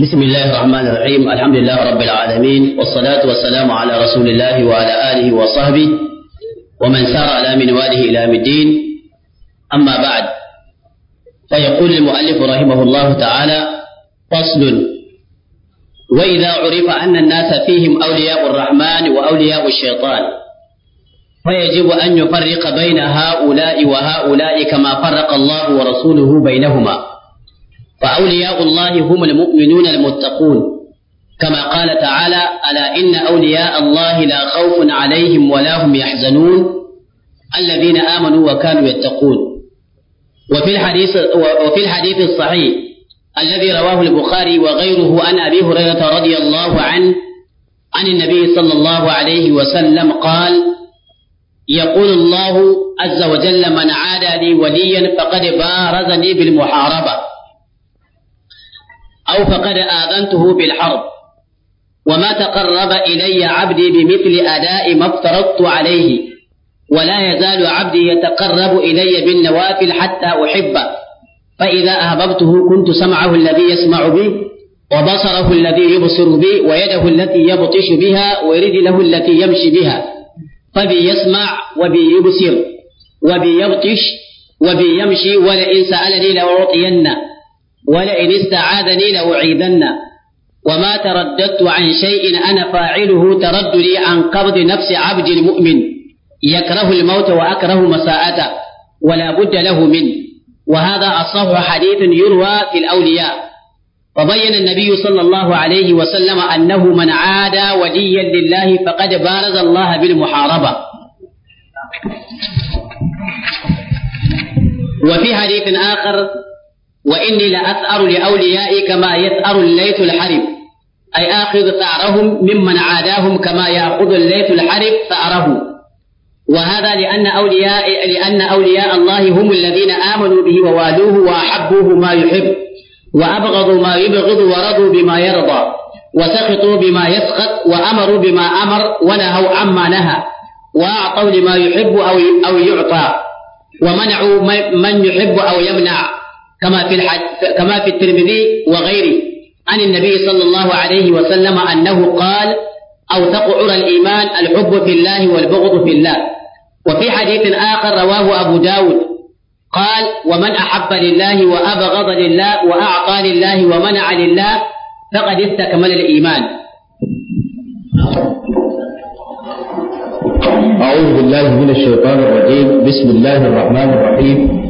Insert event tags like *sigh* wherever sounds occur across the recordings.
بسم الله الرحمن الرحيم الحمد لله رب العالمين والصلاة والسلام على رسول الله وعلى آله وصحبه ومن سار على منواله إلى الدين أما بعد فيقول المؤلف رحمه الله تعالى فصل وإذا عرف أن الناس فيهم أولياء الرحمن وأولياء الشيطان فيجب أن يفرق بين هؤلاء وهؤلاء كما فرق الله ورسوله بينهما وأولياء الله هم المؤمنون المتقون كما قال تعالى ألا إن أولياء الله لا خوف عليهم ولا هم يحزنون الذين آمنوا وكانوا يتقون وفي الحديث وفي الحديث الصحيح الذي رواه البخاري وغيره عن أبي هريرة رضي الله عنه عن النبي صلى الله عليه وسلم قال يقول الله عز وجل من عادى لي وليا فقد بارزني بالمحاربه أو فقد آذنته بالحرب وما تقرب إلي عبدي بمثل أداء ما افترضت عليه ولا يزال عبدي يتقرب إلي بالنوافل حتى أحبه فإذا أحببته كنت سمعه الذي يسمع به وبصره الذي يبصر به ويده التي يبطش بها ورجله التي يمشي بها فبي يسمع وبي يبصر وبي يبطش وبي يمشي ولئن سألني لأعطينه ولئن استعاذني لأعيذنه وما ترددت عن شيء أنا فاعله ترددي عن قبض نفس عبد المؤمن يكره الموت وأكره مساءته ولا بد له منه وهذا أصح حديث يروى في الأولياء وبين النبي صلى الله عليه وسلم أنه من عادى وليا لله فقد بارز الله بالمحاربة وفي حديث آخر وإني لأسأر لأوليائي كما يثأر الليث الحرب أي آخذ ثأرهم ممن عاداهم كما يأخذ الليث الحرب ثأره وهذا لأن أولياء لأن أولياء الله هم الذين آمنوا به ووالوه وأحبوه ما يحب وأبغضوا ما يبغض ورضوا بما يرضى وسخطوا بما يسخط وأمروا بما أمر ونهوا عما نهى وأعطوا لما يحب أو أو يعطى ومنعوا من يحب أو يمنع كما في الحج كما في الترمذي وغيره عن النبي صلى الله عليه وسلم أنه قال أو تقعر الإيمان الحب في الله والبغض في الله وفي حديث آخر رواه أبو داود قال ومن أحب لله وأبغض لله وأعطى لله ومنع لله فقد استكمل الإيمان أعوذ بالله من الشيطان الرجيم بسم الله الرحمن الرحيم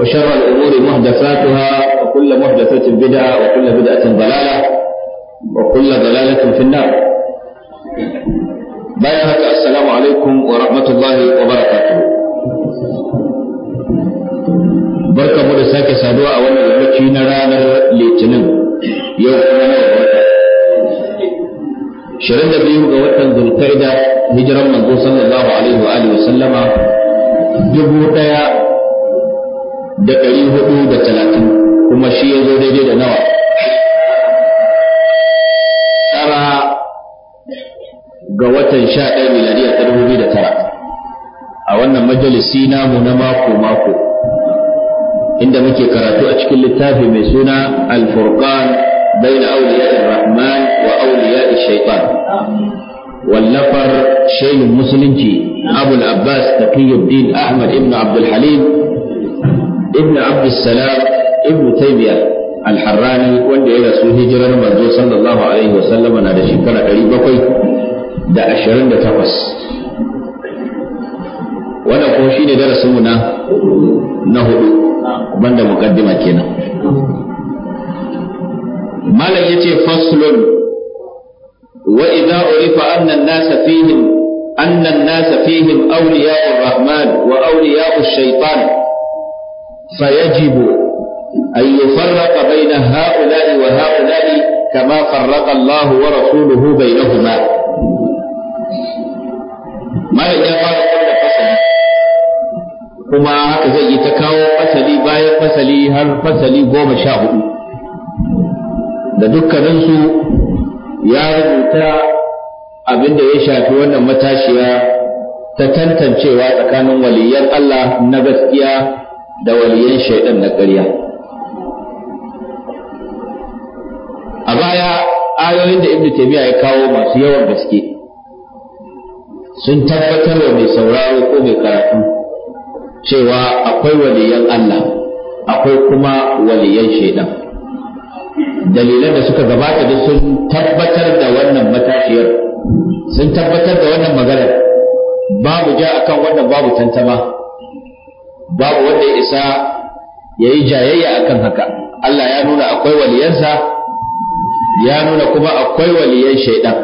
وشر الأمور محدثاتها وكل محدثة بدعة وكل بدعة ضلالة وكل ضلالة في النار بارك السلام عليكم ورحمة الله وبركاته barka mu da sake saduwa a wannan lokaci na ranar litinin yau na wata shirin biyu ga watan zulkaida hijiran manzo wa wa dubu da ɗari hudu da talatin kuma shi ya zo daidai da nawa tara ga watan sha ɗaya miladiyar ta hudu da tara a wannan majalisi namu na mako mako inda muke karatu a cikin littafi mai suna al-furqan bayna rahman wa awliya shaitan wallafar shehin musulunci abul abbas taqiyuddin ahmad ibn abdul halim ibn abdussalam ibn taymiya al-harrani wanda ya rasu hijirar manzo sallallahu alaihi wa sallama na da shekara 728 wannan kuma shine darasin mu na na hudu banda muqaddima kenan malam yace faslun wa idza urifa anna an-nasa أن الناس فيهم أولياء الرحمن وأولياء الشيطان فيجب أن يفرق بين هؤلاء وهؤلاء كما فرق الله ورسوله بينهما ما يجب kuma haka zai yi ta kawo fasali bayan fasali har fasali goma sha hudu da dukkaninsu ya rubuta abin da ya shafi wannan matashiya ta tantancewa tsakanin waliyan Allah na gaskiya da waliyan shaidan na ƙarya a baya ayoyin da Ibn taymiya ya kawo masu yawan gaske sun tabbatar wa mai sauraro ko mai karatu cewa akwai waliyan Allah akwai kuma waliyan shaidan dalilan da suka gabata da sun tabbatar da wannan matashiyar sun tabbatar da wannan maganar babu ja akan wannan babu tantama babu wanda isa ya yi jayayya akan haka Allah ya nuna akwai waliyansa ya nuna kuma akwai waliyan shaidan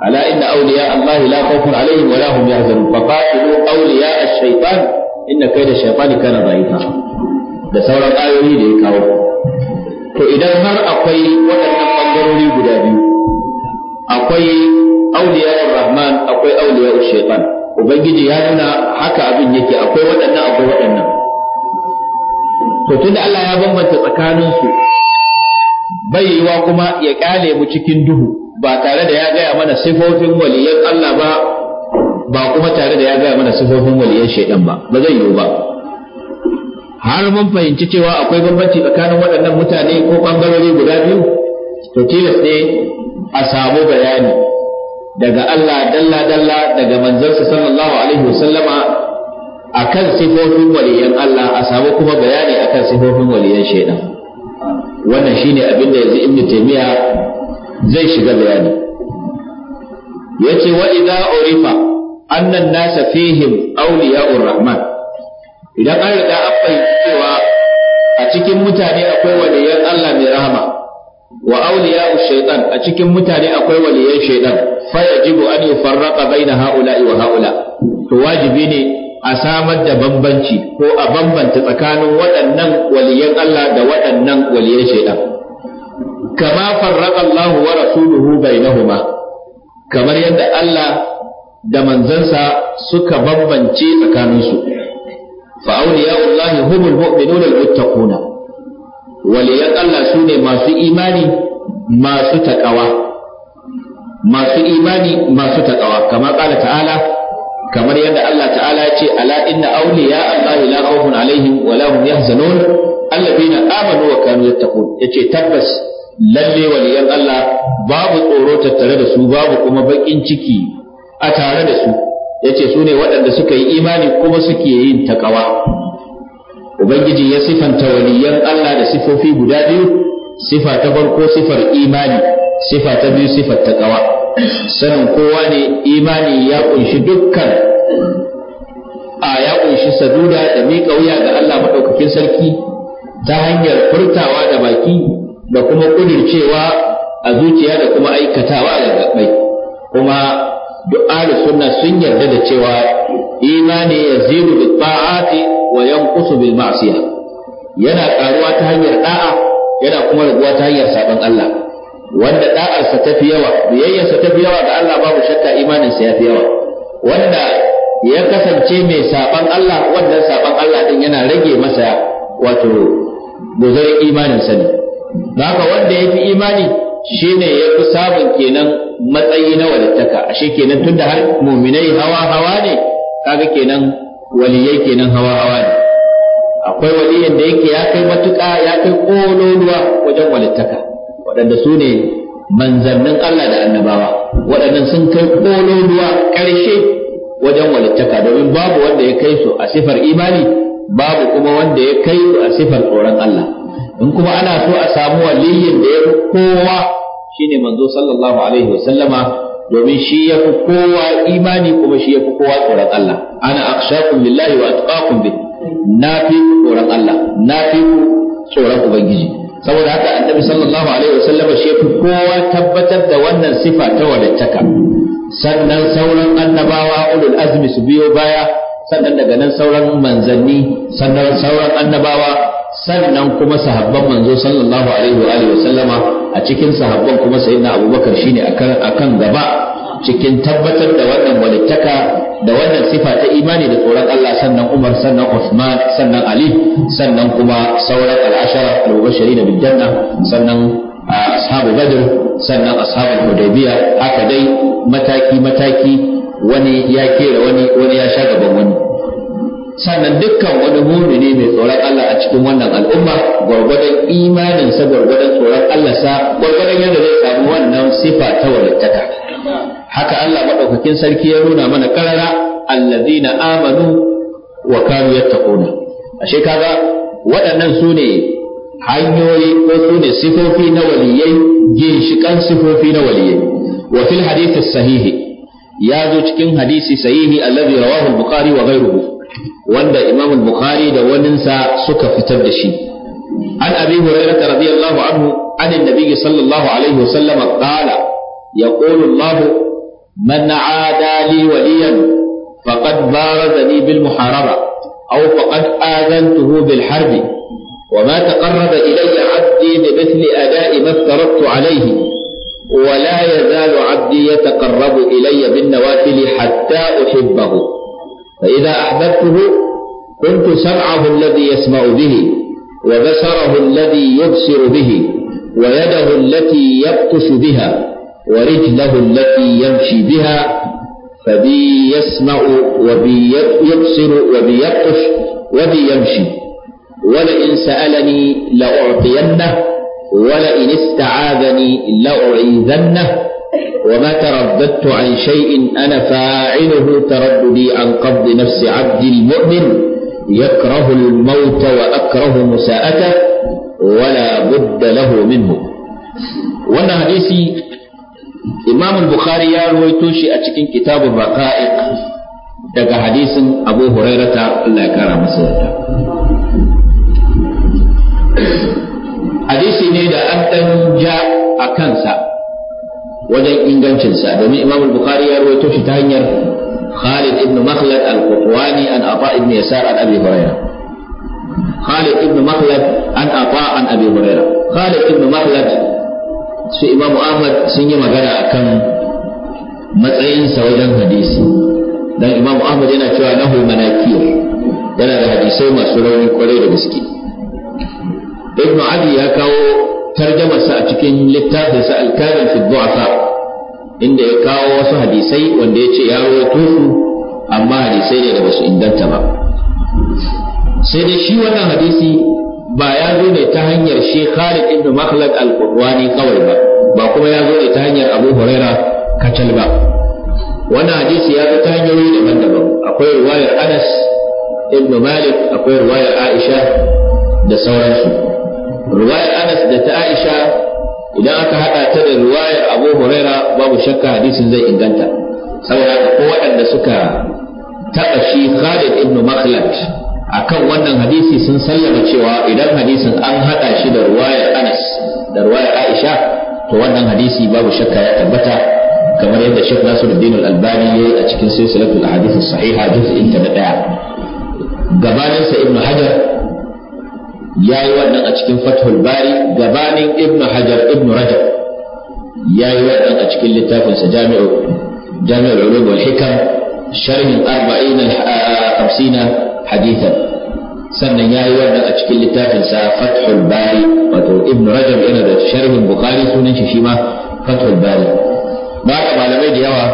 ala inna awliya Allah la khawfun alaihim wa la hum yahzanun fa qatilu awliya ash-shaytan inna kayda shaytani kana da'ifa da sauran ayoyi da ya kawo to idan har akwai waɗannan bangarori guda biyu akwai awliya ar-rahman akwai awliya ash-shaytan ubangiji ya nuna haka abin yake akwai waɗannan akwai waɗannan to tunda Allah ya bambanta tsakanin su bai yiwa kuma ya ƙyale mu cikin duhu ba tare da ya gaya mana sifofin waliyan Allah ba ba kuma tare da ya gaya mana sifofin waliyan shaidan ba ba zai yiwu ba har mun fahimci cewa akwai bambanci tsakanin waɗannan mutane ko ɓangarori guda biyu to tilas ne a samu bayani daga Allah dalla dalla daga manzansa sallallahu alaihi wasallama akan sifofin waliyan Allah a samu kuma bayani akan sifofin waliyan shaidan wannan shine abin da yanzu ibnu taymiya zai shiga bayani yace wa idza urifa annan nasa fihim awliya'ur rahman idan an riga an cewa a cikin mutane akwai waliyan Allah mai rahama wa awliya'u shaytan a cikin mutane akwai waliyan shaytan fa yajibu an yufarraqa baina ha'ula'i wa ha'ula to wajibi ne a samar da bambanci ko a bambanta tsakanin waɗannan waliyan Allah da waɗannan waliyan shaytan kama farraqa Allahu wa rasuluhu bainahuma kamar yadda Allah da manzansa suka bambance tsakaninsu fa awliya'u Allah humul mu'minuna al waliyan Allah su ne masu imani masu taƙawa masu imani masu taƙawa kamar ƙala ta'ala kamar yadda Allah ta'ala ya ce ala inna awliya Allah la khawfun alaihim wa la hum yahzanun allazina amanu wa kanu yattaqun yace tabbas lalle waliyan Allah babu tsoro tattare da su babu kuma bakin ciki a tare da su yace su ne waɗanda suka yi imani kuma suke yin taƙawa ubangiji ya sifanta waliyan Allah da sifofi guda biyu sifa ta farko sifar imani sifa ta biyu sifar taqwa sanin kowa ne imani ya kunshi dukkan a ya kunshi saduda da miƙa wuya ga Allah maɗaukakin sarki ta hanyar furtawa da baki da kuma kudircewa a zuciya da kuma aikatawa da gabai kuma du'a sunna sun yarda da cewa imani yazidu da ta'ati wa yanqusu bil ma'siyah yana karuwa ta hanyar da'a yana kuma raguwa ta hanyar saban Allah wanda da'arsa ta fi yawa biyayyarsa ta fi yawa ga Allah babu shakka imaninsa ya fi yawa wanda ya kasance mai saban Allah wanda saban Allah din yana rage masa wato guzarin sa ne haka wanda ya fi imani shine ya fi samun kenan matsayi na walittaka ashe kenan tunda har muminai hawa hawa ne kaga kenan waliyai kenan hawa hawa ne akwai waliyan da yake ya kai matuƙa ya kai kololuwa wajen walittaka waɗanda su ne manzannin Allah da annabawa waɗannan sun kai kololuwa ƙarshe wajen walittaka domin babu wanda ya kai su a sifar imani babu kuma wanda ya kai su a sifar tsoron Allah in kuma ana so a samu waliyin da ya fi kowa shine manzo sallallahu alaihi wasallama domin shi ya fi kowa imani kuma shi ya fi kowa tsoron Allah ana akhshakum lillahi wa atqakum bih na fi tsoron Allah na fi tsoron ubangiji saboda haka annabi sallallahu alaihi wasallam shi ya fi kowa tabbatar da wannan sifa ta wadataka. sannan sauran annabawa ulul azmi su biyo baya sannan daga nan sauran manzanni sannan sauran annabawa sannan kuma sahabban manzo sallallahu alaihi wa alihi sallama a cikin sahabban kuma sayyidina abubakar shine akan akan gaba cikin tabbatar da wannan walittaka da wannan sifa ta imani da tsoron Allah sannan Umar sannan Uthman sannan Ali sannan kuma sauran al'ashara al-mubashirin bil janna sannan ashabu badr sannan ashabu hudaybiya haka dai mataki mataki wani ya kera wani wani ya sha gaban wani sannan dukkan wani ne mai tsoron Allah a cikin wannan al'umma gwargwadon imaninsa gwargwadon tsoron Allah sa gwargwadon yadda zai samu wannan sifa ta walittaka haka Allah maɗaukakin sarki ya nuna mana ƙarara, allazina amanu wa kanu yattaquna ashe kaga waɗannan su ne hanyoyi ko su ne sifofi na waliyai ginshikan sifofi na waliyai wa fil sahihi ya zo cikin hadisi sahihi allazi rawahu al-bukhari wa ghayruhu wanda imam al-bukhari da waninsa suka fitar da shi an abi hurairah radiyallahu anhu an annabi sallallahu alaihi wasallam qala yaqulu allah man aada li waliyan faqad barazani bil muharaba aw faqad aazantuhu bil harbi وما تقرب إلي عبدي بمثل أداء ما افترضت عليه ولا يزال عبدي يتقرب إلي بالنوافل حتى أحبه فإذا أحببته كنت سمعه الذي يسمع به وبصره الذي يبصر به ويده التي يبطش بها ورجله التي يمشي بها فبي يسمع وبي يبصر وبي يبطش وبي يمشي ولئن سألني لأعطينه ولئن استعاذني لأعيذنه وما ترددت عن شيء أنا فاعله ترددي عن قبض نفس عبد المؤمن يكره الموت وأكره مساءته ولا بد له منه وانا حديثي إمام البخاري يا رويتوشي أتكين كتاب الرقائق daga حديث أبو هريرة لا ya kara حديثي نيدا أنت جاء أكنسا wajen ingancinsa domin imam bukhari ya rawaito shi ta hanyar khalid ibn makhlad al-qutwani an ata ibn yasar an abi hurairah khalid ibn makhlad an ata an abi hurairah khalid ibn makhlad su imam ahmad sun yi magana akan matsayinsa wajen hadisi dan imam ahmad yana cewa nahu manakir yana da hadisai masu rauni kwarai da gaske ibn abi ya kawo tarjamarsa a cikin littafinsa alkamin fi du'afa inda ya kawo wasu hadisai wanda ya ce ya rawaito su amma hadisai ne da basu inganta ba sai dai shi wannan hadisi ba ya zo ne ta hanyar shi Khalid ibn Makhlad al-Qurwani kawai ba ba kuma ya zo ne ta hanyar Abu Huraira kacal ba wannan hadisi ya zo ta hanyoyi daban-daban akwai riwayar Anas ibn Malik akwai riwayar Aisha da sauransu ruwayar Anas da ta Aisha idan aka haɗa ta da ruwayar Abu Huraira babu shakka hadisin zai inganta saboda ko waɗanda suka taɓa shi Khalid ibn Makhlad akan wannan hadisi sun sallama cewa idan hadisin an haɗa shi da ruwaya Anas da ruwayar Aisha to wannan hadisi babu shakka ya tabbata kamar yadda Sheikh Nasiruddin Al-Albani ya yi a cikin silsilatul ahadith sahiha juz'in ta na daya gabanin sa Ibn Hajar ya yi wannan a cikin fathul bari gabanin ibn hajar ibn rajab ya yi wannan a cikin littafinsa jami'u jami'ul ulum wal hikam sharhin arba'in hamsina hadithan sannan ya yi wannan a cikin littafinsa fathul bari wato ibn rajab yana da sharhin bukhari sunan shi shi ma fathul bari ba malamai da yawa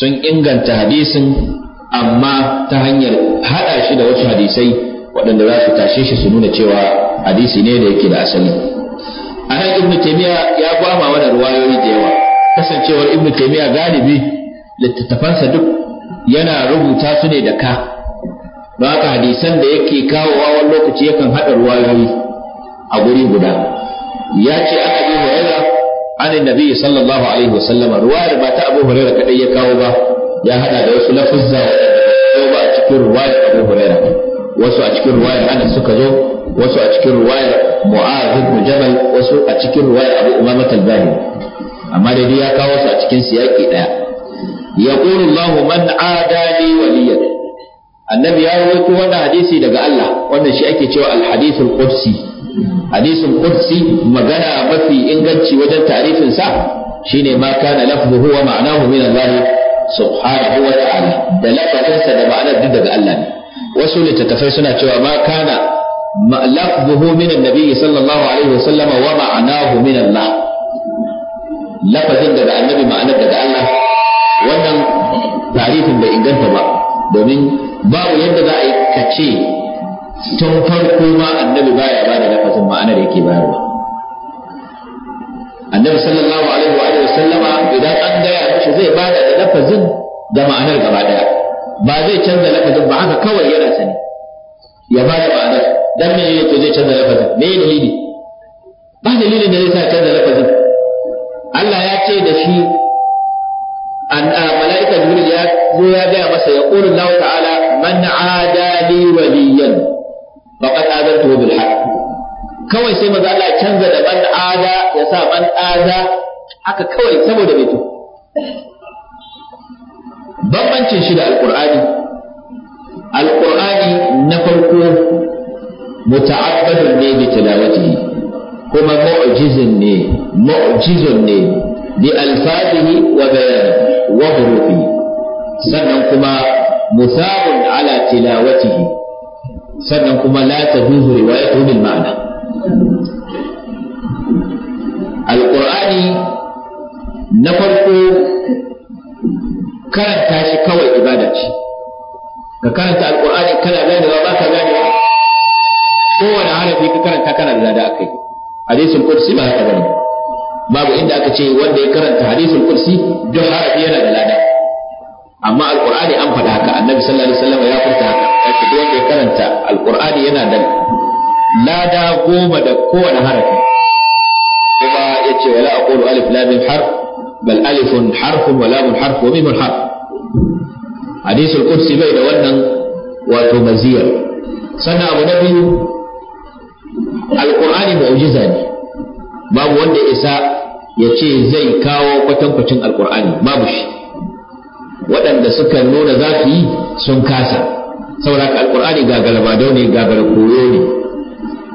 sun inganta hadisin amma ta hanyar hada shi da wasu hadisai waɗanda za su tashe shi su nuna cewa hadisi ne da yake da asali a nan ibnu taymiya ya gwama mana ruwayoyi da yawa kasancewar ibnu taymiya galibi littattafansa duk yana rubuta su ne da ka don haka hadisan da yake kawowa wani lokaci yakan haɗa ruwayoyi a guri guda ya ce an abi huraira an nabi sallallahu alaihi wasallam ruwayar ba ta abu huraira kaɗai ya kawo ba ya haɗa da wasu lafuzza ko ba a cikin ruwayar abu huraira wasu a cikin ruwayar anas suka zo wasu a cikin ruwayar mu'az ibn jabal wasu a cikin ruwayar abu umama al amma dai ya kawo su a cikin siyaki daya yaqulu allah man adali waliyan annabi ya rawaito wannan hadisi daga Allah wannan shi ake cewa al-hadithul qudsi hadisin qudsi magana mafi inganci wajen tarifin sa shine ma kana lafzuhu wa ma'nahu min Allah subhanahu wa ta'ala da lafazinsa da ma'anar duk daga Allah ne wasu littattafai suna cewa ma kana lafzuhu min annabi sallallahu alaihi wasallama wa ma'anahu min Allah lafazin daga annabi ma'anar daga Allah wannan tarihin bai inganta ba domin babu yadda za a yi kace tun farko ma annabi baya ba da lafazin ma'anar yake bayarwa annabi sallallahu alaihi wa sallama idan an gaya mishi zai bada da lafazin da ma'anar gaba daya ba zai canza lafazin ba haka kawai yana sani ya ba da ma'anar dan me yake zai canza lafazin me dalili ba dalili da zai sa canza lafazin Allah ya ce da shi an malaika jibril ya zo ya ga masa ya qulu Allah ta'ala man adali waliyan faqad adantu bil haqq kawai sai maza Allah canza da man ada ya sa man ada haka kawai saboda bai to bambancin shi da alqur'ani alqur'ani na farko muta'abbadun ne bi tilawatihi kuma mu'jizun ne mu'jizun ne bi alfatihi wa bayani wa hurufi sannan kuma musabun ala tilawatihi sannan kuma la tajuzu riwayatuhu bil ma'na alqur'ani na farko karanta shi kawai ibada ce ka karanta alqur'ani kana gane ba ba ka gane ba kowane harafi ka karanta kana da lada akai hadisul kursi ba ka bane babu inda aka ce wanda ya karanta hadisul kursi duk harafi yana da lada amma alqur'ani an faɗa haka annabi sallallahu alaihi wasallam ya furta haka yake duk wanda ya karanta alqur'ani yana da lada goma da kowane harafi kuma yace wala aqulu alif lam mim har bal alifun harfun wa lamun harf wa mimun harf hadisul qudsi bai da wannan wato maziyar sannan abu na biyu alqur'ani mu'jiza ne babu wanda isa ya ce zai kawo kwatankwacin alqur'ani babu waɗanda suka nuna za su yi sun kasa saboda ne koyo ne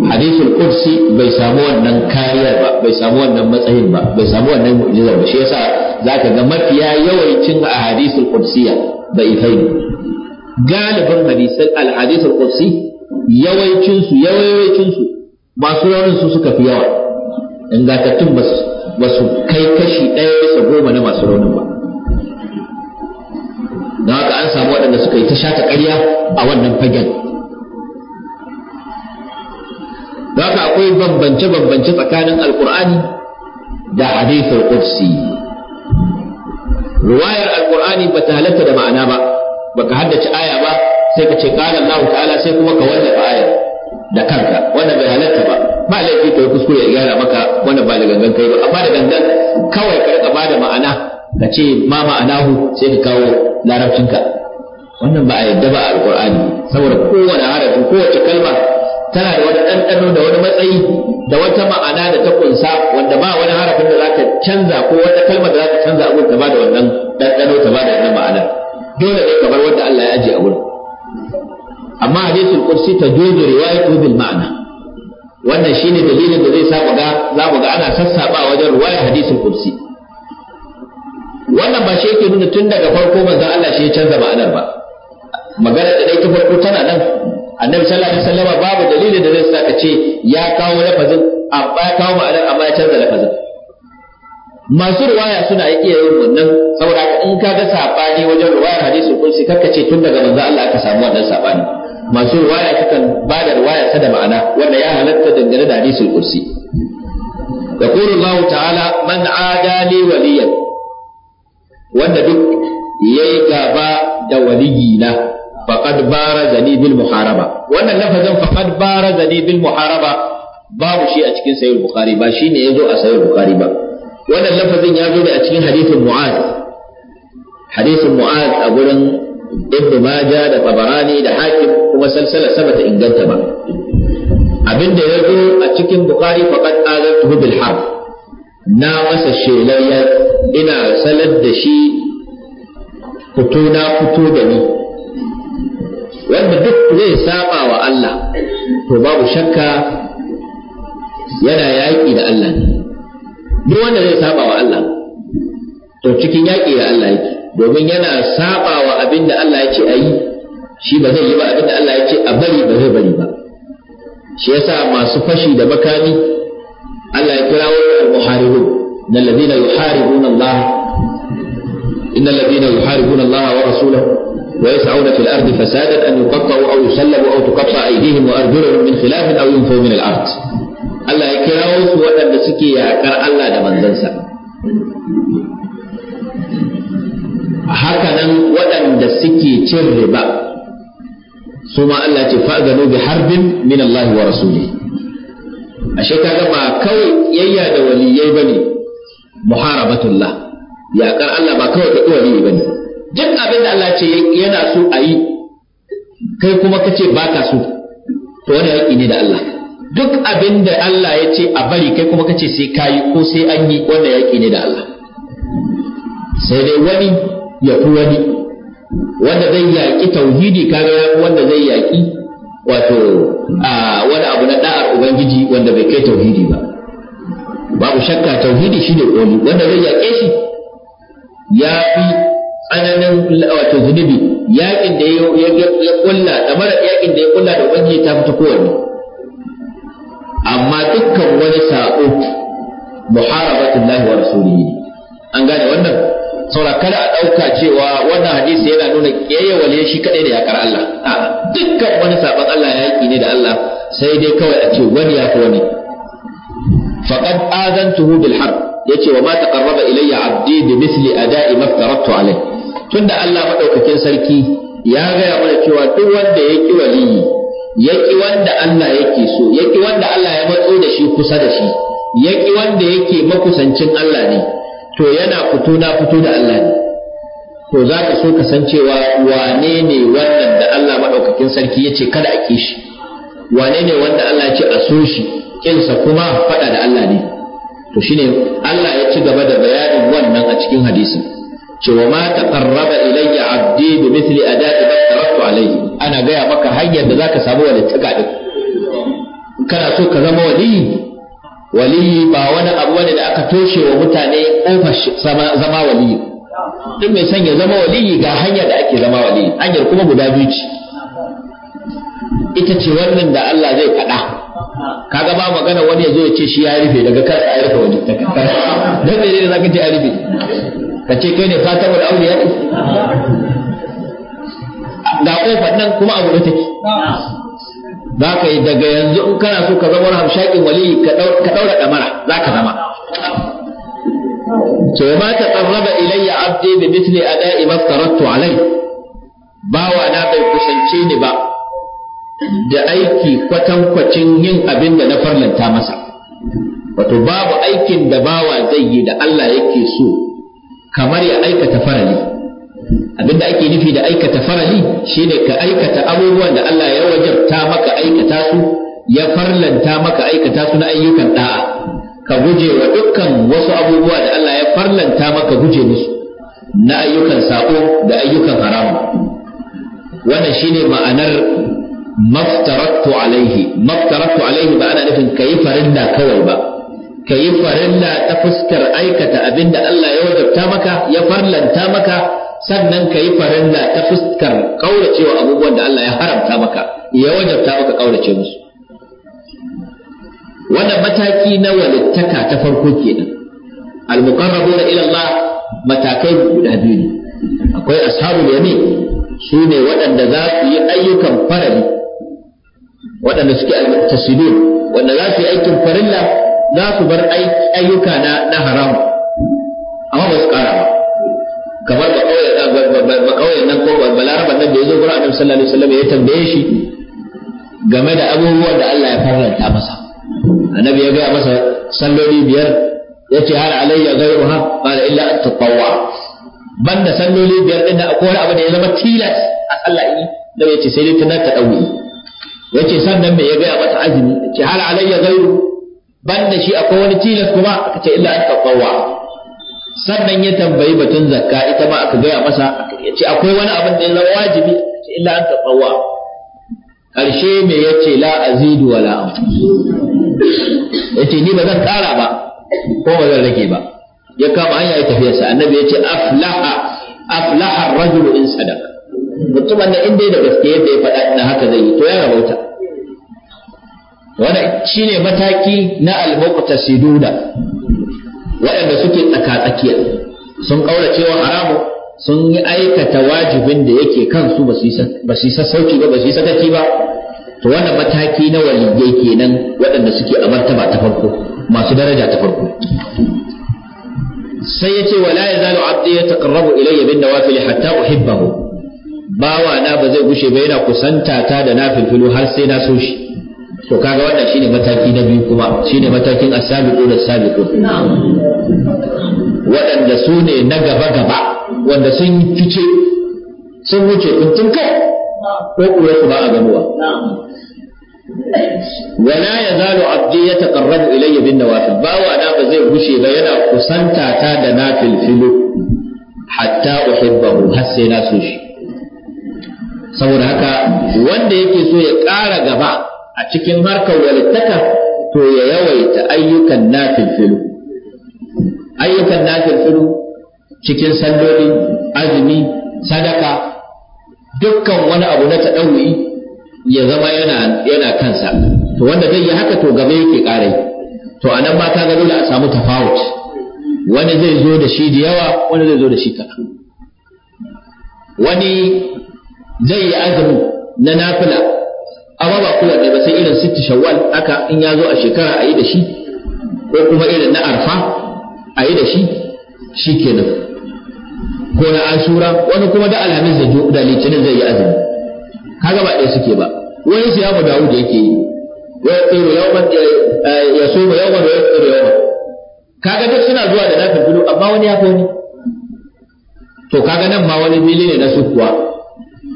hadisul kursi bai samu wannan kariyar ba bai samu wannan matsayin ba bai samu wannan mu'jizar ba shi yasa zaka ga mafiya yawancin a hadisul kursiya bai kai galibin hadisul al hadisul kursi yawancin su yawancin su masu raunin su suka fi yawa ingantattun ba su kai kashi ɗaya bisa goma na masu raunin ba don haka an samu waɗanda suka yi ta shata ƙarya a wannan fagen haka akwai bambance bambance tsakanin alqur'ani da hadithul qudsi riwayar alqur'ani bata halatta da ma'ana ba baka haddace aya ba sai ka ce qala Allah ta'ala sai kuma ka wallafa ayar da kanka wanda bai halatta ba ba laifi kai kuskure ya gyara maka wanda ba da gangan kai ba amma da gangan kawai ka rika bada ma'ana ka ce ma ma'anahu sai ka kawo larabcinka wannan ba a yadda ba a alqur'ani saboda kowane harafi kowace kalma tana da wani ɗanɗano da wani matsayi da wata ma'ana da ta kunsa wanda ba wani harafin da za zaka canza ko wata kalmar da za zaka canza abin ta ba da wannan ɗanɗano ta ba da wannan ma'ana dole ne kamar wanda Allah ya aje a wurin amma hadisul kursi ta jojo riwayatu bil ma'ana wannan shine dalilin da zai sa mu ga za mu ga ana sassaba wajen riwayar hadisul kursi wannan ba shi yake nuna tun daga farko manzon Allah shi ya canza ma'anar ba magana da dai ta farko tana nan annabi sallallahu alaihi wasallam babu dalilin da zai saka ce ya kawo lafazin amma ya kawo ma'anar amma ya canza lafazin masu ruwaya suna iya yin wannan saboda in ka ga sabani wajen ruwaya hadisi kunsi kakka ce tun daga manzo Allah aka samu wannan sabani masu ruwaya sukan ba da ruwaya sa da ma'ana wanda ya halatta dangane da hadisul kursi يقول الله تعالى من عادى لي وليا wanda duk ya yi gaba da waliyina faqad zani bil muharaba wannan lafazin faqad zani bil muharaba babu shi a cikin sahih bukhari ba shi shine yazo a sahih bukhari ba wannan lafazin ya zo ne a cikin hadisin mu'ad, hadisin mu'ad a gurin ibn majah da tabarani da hakim kuma salsala sabata inganta ba abinda ya zo a cikin bukhari faqad azantuhu bil harb na masa shelayya ina salar da shi fito na fito da ni wanda duk zai saba wa Allah to babu shakka yana yaƙi da Allah ne duk wanda zai saba wa Allah to cikin yaƙi da Allah yake domin yana saba wa abin da Allah ya ce a yi shi ba zai yi ba abin da Allah ya ce a bari ba zai bari ba shi yasa masu fashi da makami Allah ya kira wa al-muharibun na ladina yuharibuna Allah inna ladina yuharibuna Allah wa rasulahu ويسعون في الأرض فسادا أن يقطعوا أو يسلبوا أو تقطع أيديهم وأرجلهم من خلاف أو ينفوا من الأرض Allah ya kirawo su waɗanda suke yaƙar Allah da manzansa. Hakanan waɗanda suke cin riba, su ma Allah ce fa'azanu bi harbin min Allah wa rasuli. Ashe kaga ba kawai yayya da waliyai ba ne, muharabatullah, yaƙar Allah ba kawai ba ne. duk abin da Allah ce yana so a yi kai kuma ka ce baka so to wani haƙƙi ne da Allah duk abin da Allah ya ce a bari kai kuma ka ce sai yi, ko sai an yi wannan yaƙi ne da Allah sai dai wani ya fi wani wanda zai yaƙi tauhidi kaga ya wanda zai yaƙi wato wani abu na da'ar ubangiji wanda bai kai tauhidi ba babu shakka tauhidi shine koli wanda zai yaƙe shi ya fi tsananin wato zunubi yakin da ya kulla da mara yakin da ya kulla da ubangiji ta fita kowanne amma dukkan wani sa'o sako lahi wa rasulihi an gane wannan saura kada a dauka cewa wannan hadisi yana nuna kiyayewale shi kadai da yakar Allah a dukkan wani sabon Allah ya yaki ne da Allah sai dai kawai a ce wani ya fi wani faqad azantuhu bil harb yace wa ma taqarraba ilayya abdi bi misli ada'i ma aftaratu alayhi tunda Allah maɗaukakin sarki ya gaya mana cewa duk wanda ya ki waliyi ya ki wanda Allah yake so ya ki wanda Allah ya matso da shi kusa da shi ya ki wanda yake makusancin Allah ne to yana fito na fito da Allah ne to za ka so kasancewa wane ne wannan da Allah madaukakin sarki ya ce kada a ki shi wane ne wanda Allah ya ce a so shi kinsa kuma faɗa da Allah ne to shine Allah ya ci gaba da bayanin wannan a cikin hadisin ce wa ma taqarraba ilayya abdi bi mithli adati ma taraktu alayhi ana gaya maka hanyar da zaka samu walittaka din kana so ka zama waliyi waliyi ba wani abu wani da aka toshe wa mutane kofar zama waliyi duk mai son ya zama waliyi ga hanyar da ake zama hanyar kuma guda biyu ce ita ce wannan da Allah zai faɗa kaga ba magana wani ya zo ya ce shi ya rufe daga kansa ya rufe wani daga ne zaka ce ya rufe ka ce kai ne katabul auliya ga kofar nan kuma abu da take za ka yi daga yanzu in kana so ka zama hamshakin wali ka daura damara za ka zama to ma ta tsarraba ilayya abdi bi mithli ada'i ma tarattu alai bawa na bai kusance ni ba da aiki kwatankwacin yin abin da na farlanta masa wato babu aikin da bawa zai yi da Allah yake so kamar ya aikata farali abinda ake nufi da aikata farali shine ka aikata abubuwan da Allah ya wajabta maka aikata su ya farlanta maka aikata su na ayyukan da'a ka guje wa dukkan wasu abubuwa da Allah ya farlanta maka guje musu na ayyukan sako da ayyukan haramu wannan shine ma'anar maftaratu alaihi maftaratu alaihi ba ana nufin yi farinda kawai ba ka yi farilla ta fuskar aikata abin da Allah ya wajabta maka ya farlanta maka sannan ka yi farilla ta fuskar kauracewa abubuwan da Allah ya haramta maka ya wajabta maka kaurace musu wannan mataki na walittaka ta farko kenan al-muqarrabuna ila Allah matakai guda biyu ne akwai ashabul yamin su ne waɗanda za su yi ayyukan farali waɗanda suke al-muttasilun wanda za su yi aikin farilla za su bar ayyuka na haramu amma ba su kara ba kamar ba kauyen nan ko ba balaraban nan da ya zo gurin annabi sallallahu alaihi wasallam ya tambaye shi game da abubuwan da Allah ya faranta masa annabi ya gaya masa salloli biyar yace har alayya ghayruha qala illa at tatawwa banda salloli biyar din da akwai wani abu da ya zama tilas a sallah yi da ya ce sai dai ta dawo Yace ce sannan me ya gaya masa azumi Yace har alayya ghayru ban da shi akwai wani tilas kuma aka ce illa an taqawwa sannan ya tambayi batun zakka ita ma aka gaya masa ya ce akwai wani abin da ya zama wajibi ce illa an taqawwa karshe me yace la azidu wala yace ni ba zan kara ba ko ba zan rage ba ya kama hanya ya tafiyarsa annabi yace aflaha aflaha ar-rajulu in sadaka mutumin da inda da gaske yadda ya faɗa ina haka zai yi to ya rabauta wanda shine mataki na al-muqtasiduna waɗanda suke tsakatsakiya sun kaura cewa haramu sun yi aikata wajibin da yake kansu ba su yi sassauci ba ba su yi sakaci ba to wannan mataki na waliyai kenan waɗanda suke a martaba ta farko masu daraja ta farko sai ya ce wala ya zalo abdi ya taqarrabu ilayya bin nawafil hatta uhibbahu bawa na ba zai gushe ba yana kusanta ta da nafilfilu har sai na so shi to kaga wannan shine mataki na biyu kuma shine matakin as-sabiqun da sabiqun waɗanda su ne na gaba gaba wanda sun fice sun wuce tun kai ko kuwa su ba a ganuwa wala ya zalo abdi ya taqarrabu ilayya bin nawafil bawa na ba zai gushe ba yana kusanta ta da nafilfilu hatta uhibbahu har sai na so shi saboda haka wanda yake so ya ƙara gaba a cikin harkar walittaka to ya yawaita ayyukan nafilfilu ayyukan nafilfilu cikin salloli azumi sadaka dukkan wani abu na taɗauri ya zama yana kansa to wanda zai yi haka to gaba yake ƙarai to a nan ma ka ga a samu tafawut wani zai zo da shi da yawa wani zai zo da shi kaɗan wani zai yi azumi na nafila amma ba kowanne ba sai irin sitti shawwal aka in ya zo a shekara a yi da shi ko kuma irin na arfa a yi da shi shi kenan ko na ashura wani kuma da alhamis da da litinin zai yi azumi kaga ba ɗaya suke ba wani su yamu dawud yake yi ya tsoro yawan ya so ma yawan ya tsoro yawan kaga duk suna zuwa da nafin gudu amma wani ya fi wani to kaga nan ma wani fili ne na su kuwa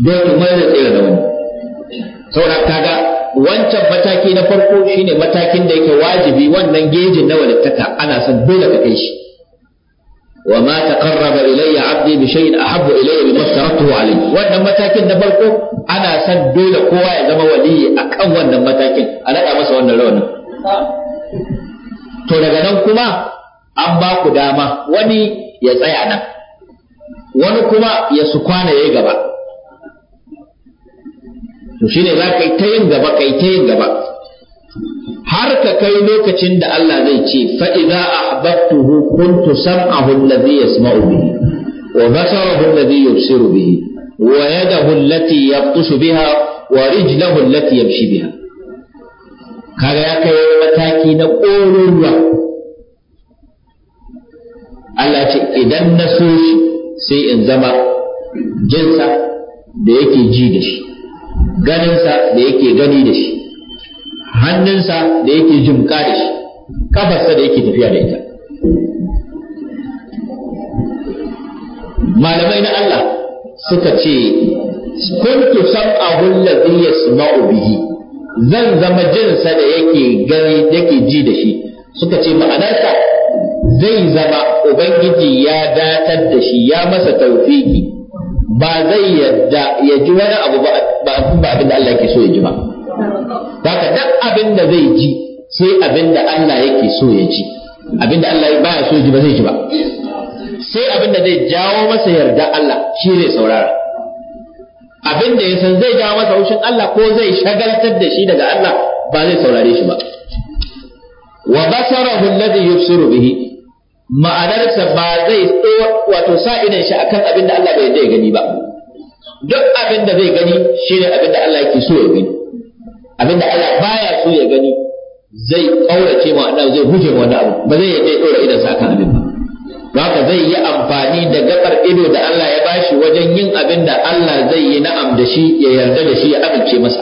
don mai da tsira da wani saboda kaga wancan mataki na farko shine matakin da yake wajibi wannan gejin na walittaka ana son dole ka kai shi wa ma taqarraba ilayya 'abdi bi shay'in ahabbu ilayya mimma taraktuhu alayhi wannan matakin na farko ana son dole kowa ya zama wali akan wannan matakin a naɗa masa wannan rawanin to daga nan kuma an ba ku dama wani ya tsaya nan wani kuma ya su kwana yayi gaba to ne za ka yi ta yin gaba ka yi ta yin gaba har ka kai lokacin da Allah zai ce fa idza ahbabtuhu kuntu sam'ahu alladhi yasma'u bihi wa basarahu alladhi yubsiru bihi wa yadahu allati yabtashu biha wa rijlahu allati yamshi biha kaga ya kai mataki na ƙoruruwa Allah ce idan na so shi sai in zama jinsa da yake ji da shi ganinsa da yake gani da shi hannunsa da yake jimka da shi kafarsa da yake tafiya da ita malamai na Allah suka ce kuntu sam'ahu allazi yasma'u bihi zan zama jinsa da yake gani yake ji da shi suka ce ma'anarsa zai zama ubangiji ya datar da shi ya masa tawfiki ba zai yadda ya ji wani abu ba abin da Allah yake so ya ji ba haka duk abin da zai ji sai abin da Allah yake so ya ji abin da Allah baya so ya ji ba zai ji ba sai abin da zai jawo masa yarda Allah shi zai saurara abin da ya san zai jawo masa haushin Allah ko zai shagaltar da shi daga Allah ba zai saurare shi ba wa basarahu alladhi yubsiru bihi ma'anarsa ba zai wato sa idan shi akan abin da Allah bai yarda ya gani ba duk abin da zai gani shine abin da Allah yake so ya gani abin da Allah baya so ya gani zai kaurace ma Allah zai huje wani abu ba zai yarda ya dora idan sa kan abin ba haka zai yi amfani da gabar ido da Allah ya bashi wajen yin abin da Allah zai yi na'am da shi ya yarda da shi ya amince masa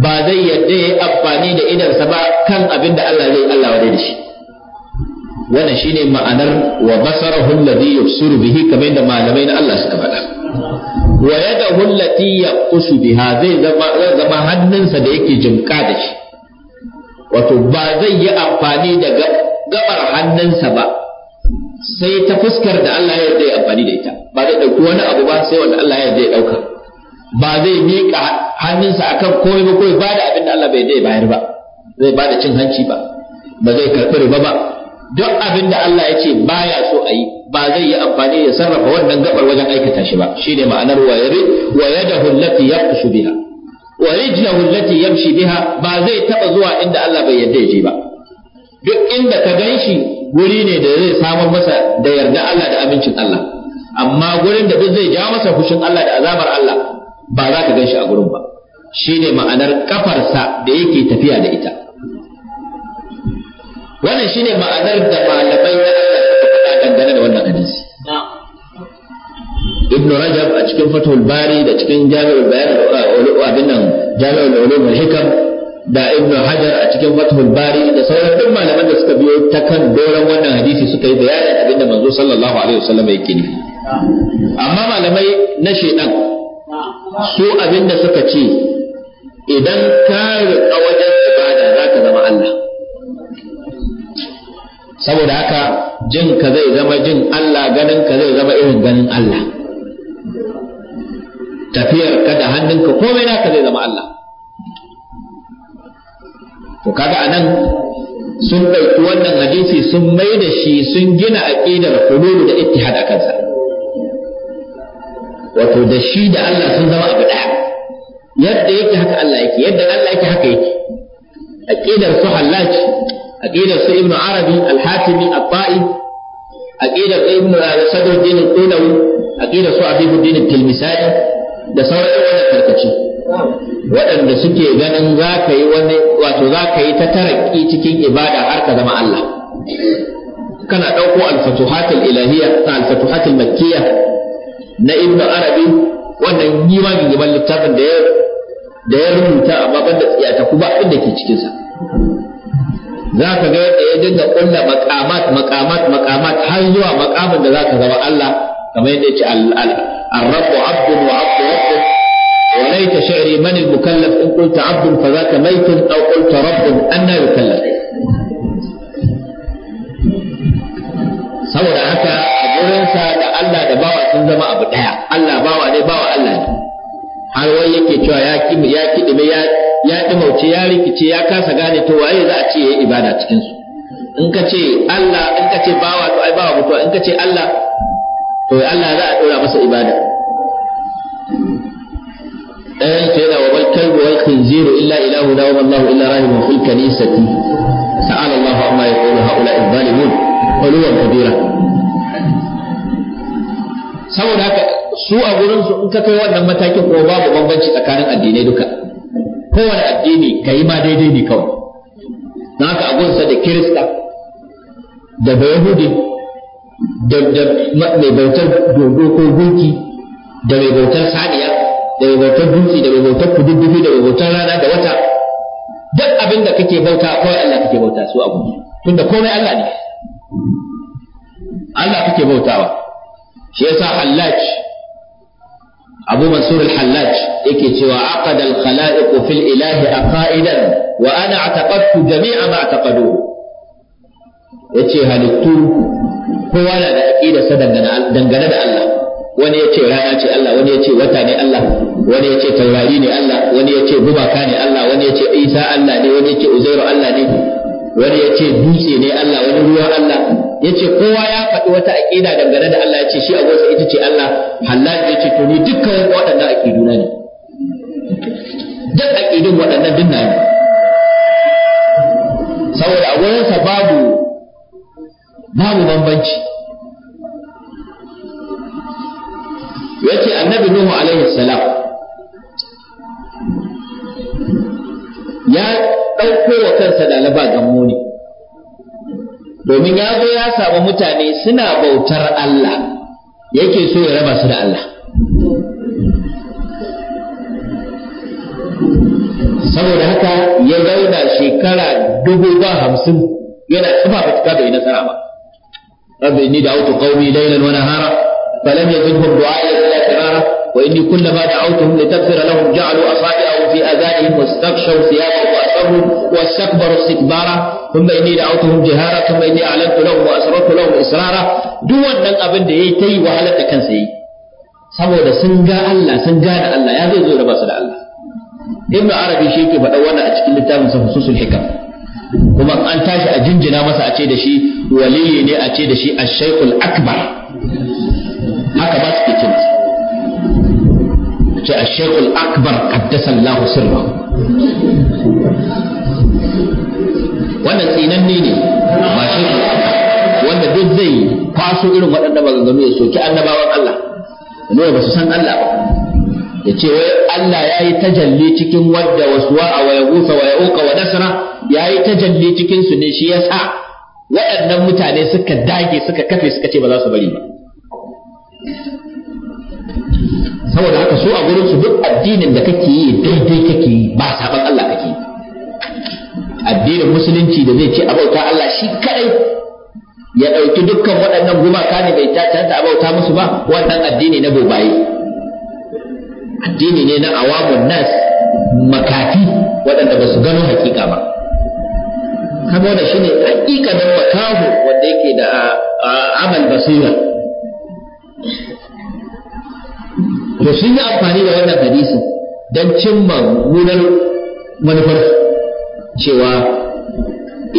ba zai yarda ya amfani da sa ba kan abin da Allah zai Allah wadai da shi wannan shine ma'anar wa basarahu alladhi yubsiru bihi kamar da malamai na Allah suka faɗa wa yadahu allati yaqusu biha zai zama zama hannunsa da yake jimka da shi wato ba zai yi amfani da gabar hannunsa ba sai ta fuskar da Allah ya yi amfani da ita ba zai dauki wani abu ba sai wanda Allah ya yarda ya dauka ba zai miƙa hannunsa akan komai ba ko ba da abin da Allah bai yarda ya bayar ba zai ba da cin hanci ba ba zai karɓi riba ba duk abin da Allah ya ce baya so a yi ba zai yi amfani da sarrafa wannan gabar wajen aikata shi ba shine ma'anar wa yadahu allati yaqshu biha wa rijluhu allati yamshi biha ba zai taba zuwa inda Allah bai yarda ya je ba duk inda ka ganshi guri ne da zai samar masa da yarda Allah da amincin Allah amma gurin da duk zai ja masa fushin Allah da azabar Allah ba za ka ganshi a gurin ba shine ma'anar kafarsa da yake tafiya da ita wannan shine ma'anar da malamai na Allah suka faɗa dangane da wannan hadisi ibn rajab a cikin fatul bari da cikin jami'ul bayan uh, abin nan jami'ul ulum al hikam da ibn hajar a cikin fatul bari da sauran duk malaman da suka biyo ta kan doron wannan hadisi suka yi bayani abin da manzo sallallahu alaihi wasallam yake ni. amma malamai na shedan su abin da suka ce idan ka riƙa wajen ibada za ka zama Allah saboda haka jin ka zai zama jin Allah ganin ka zai zama irin ganin Allah tafiyar ka da hannunka komai na ka zai zama Allah to kaga anan sun ɗauki wannan hadisi sun mai da shi sun gina aqidar hululu da ittihad a kansa wato da shi da Allah sun zama abu ɗaya yadda yake haka Allah yake yadda Allah yake haka yake aqidar su hallaci aqidar su ibnu arabi al-hatimi al-ba'i aqidar su ibnu eh, sadruddin al-qulawi aqidar su abibuddin al-tilmisani da sauran wanda karkace waɗanda suke ganin za ka yi wani wato za ka yi ta taraki cikin ibada har ka zama Allah kana ɗauko al-fatuhat al-ilahiyya na al-fatuhat al-makkiyya na ibnu arabi wannan yi ma littafin da ya rubuta amma banda tsiyata kuma abin da ke cikinsa. za ka ga yadda ya dinga kulla makamat makamat makamat har zuwa makamin da za ka zama Allah kamar yadda yake الرب عبد وعبد رب وليت شعري من المكلف إن fa za ka ميت أو قلت رب أنا يكلف saboda haka a gurinsa da Allah da bawa sun zama abu ɗaya Allah bawa ne bawa Allah ne har wai yake cewa ya kimi ya kidime ya ya ɗimauce ya rikice ya kasa gane to waye za a ce ya yi ibada cikin su in ka ce Allah in ka ce bawa to ai bawa mutuwa in ka ce Allah to Allah za a ɗora masa ibada ɗayan eh, ce yana wa bal wa khinziru illa ilahu da wa Allahu illa rahimun fil kanisati sa'ala Allahu amma yaqulu haula izzalimun quluwan kabira saboda haka su a gurin su in ka kai wannan matakin ko babu bambanci tsakanin addinai duka kowane addini ka yi ma daidai ne kawai na ka abunsa da kirista da bayahudi da mai bautar dogo ko gunki da mai bautar saniya da mai bautar dutse da mai bautar kududdufi da mai bautar rana da wata duk abin da kake bauta kawai Allah kake bauta su abu tunda komai Allah ne Allah kake bautawa shi yasa Allah abu mansur al-hallaj yake cewa aqada al-khalaiq fil ilahi aqaidan wa ana ataqadtu jami'a ma ataqadu yace halittu kowa na da aqida sa dangane da Allah wani yace ce Allah wani wata ne Allah wani ce taurari ne Allah wani ce gumaka ne Allah wani ce Isa Allah ne wani ce Uzairu Allah ne wani ya ce dutse ne Allah wani ruwan Allah ya ce kowa ya faɗi wata aƙida dangane da Allah ya ce shi a gosa ita ce Allah halal ya ce to ni dukkan waɗannan aƙiduna ne duk aƙidun waɗannan duk na ne saboda a gurinsa babu babu bambanci ya ce annabi Nuhu alaihi salam kiransa da gammo ne domin ya zo ya samu mutane suna bautar Allah yake so ya raba su da Allah saboda haka ya zauna shekara dubu ba hamsin yana tsufa fatuka bai nasara ba rabbi inni da'awtu qaumi laylan wa nahara falam yazidhum du'a'i illa firara wa inni kullama da'awtuhum litaghfira lahum ja'alu asabi'ahum fi adhanihim wastaghshaw thiyabahum عليهم واستكبروا استكبارا ثم إني دعوتهم جهارا ثم إني أعلنت لهم وأسررت لهم إسرارا دون أن أبن دي تي وهلة كان سي saboda sun ga Allah sun gane Allah ya zai zo da basu da Allah ibnu arabi shi yake faɗa wannan a cikin littafin sa hususul hikam kuma an tashi a jinjina masa a ce da shi waliyi ne a ce da shi ash-shaykhul akbar haka ba su ke ce masa ce a shekul akbar kaddasan lahu sirma wannan tsinanni ne ba shekul akbar wanda duk zai kwaso irin waɗanda maganganu ya soki annabawan Allah ne ba su san Allah ba ya ce wai Allah ya yi tajalli cikin wadda wasuwa a waya gusa waya uka wa nasara ya yi tajalli cikin su ne shi ya sa waɗannan mutane suka dage suka kafe suka ce ba za su bari ba saboda haka so a gurin su duk addinin da kake yi daidai kake yi ba saban Allah kake yi addinin musulunci da zai ce abauta Allah shi kadai ya ɗauki dukkan waɗannan gumaka ne bai tata abauta musu ba wannan addini na bobaye addini ne na awamun nas makafi waɗanda ba su gano hakika ba kama da shi ne hakikanin makahu wanda yake da amal basira to sun yi amfani da wannan hadisi don cimma munar manufar cewa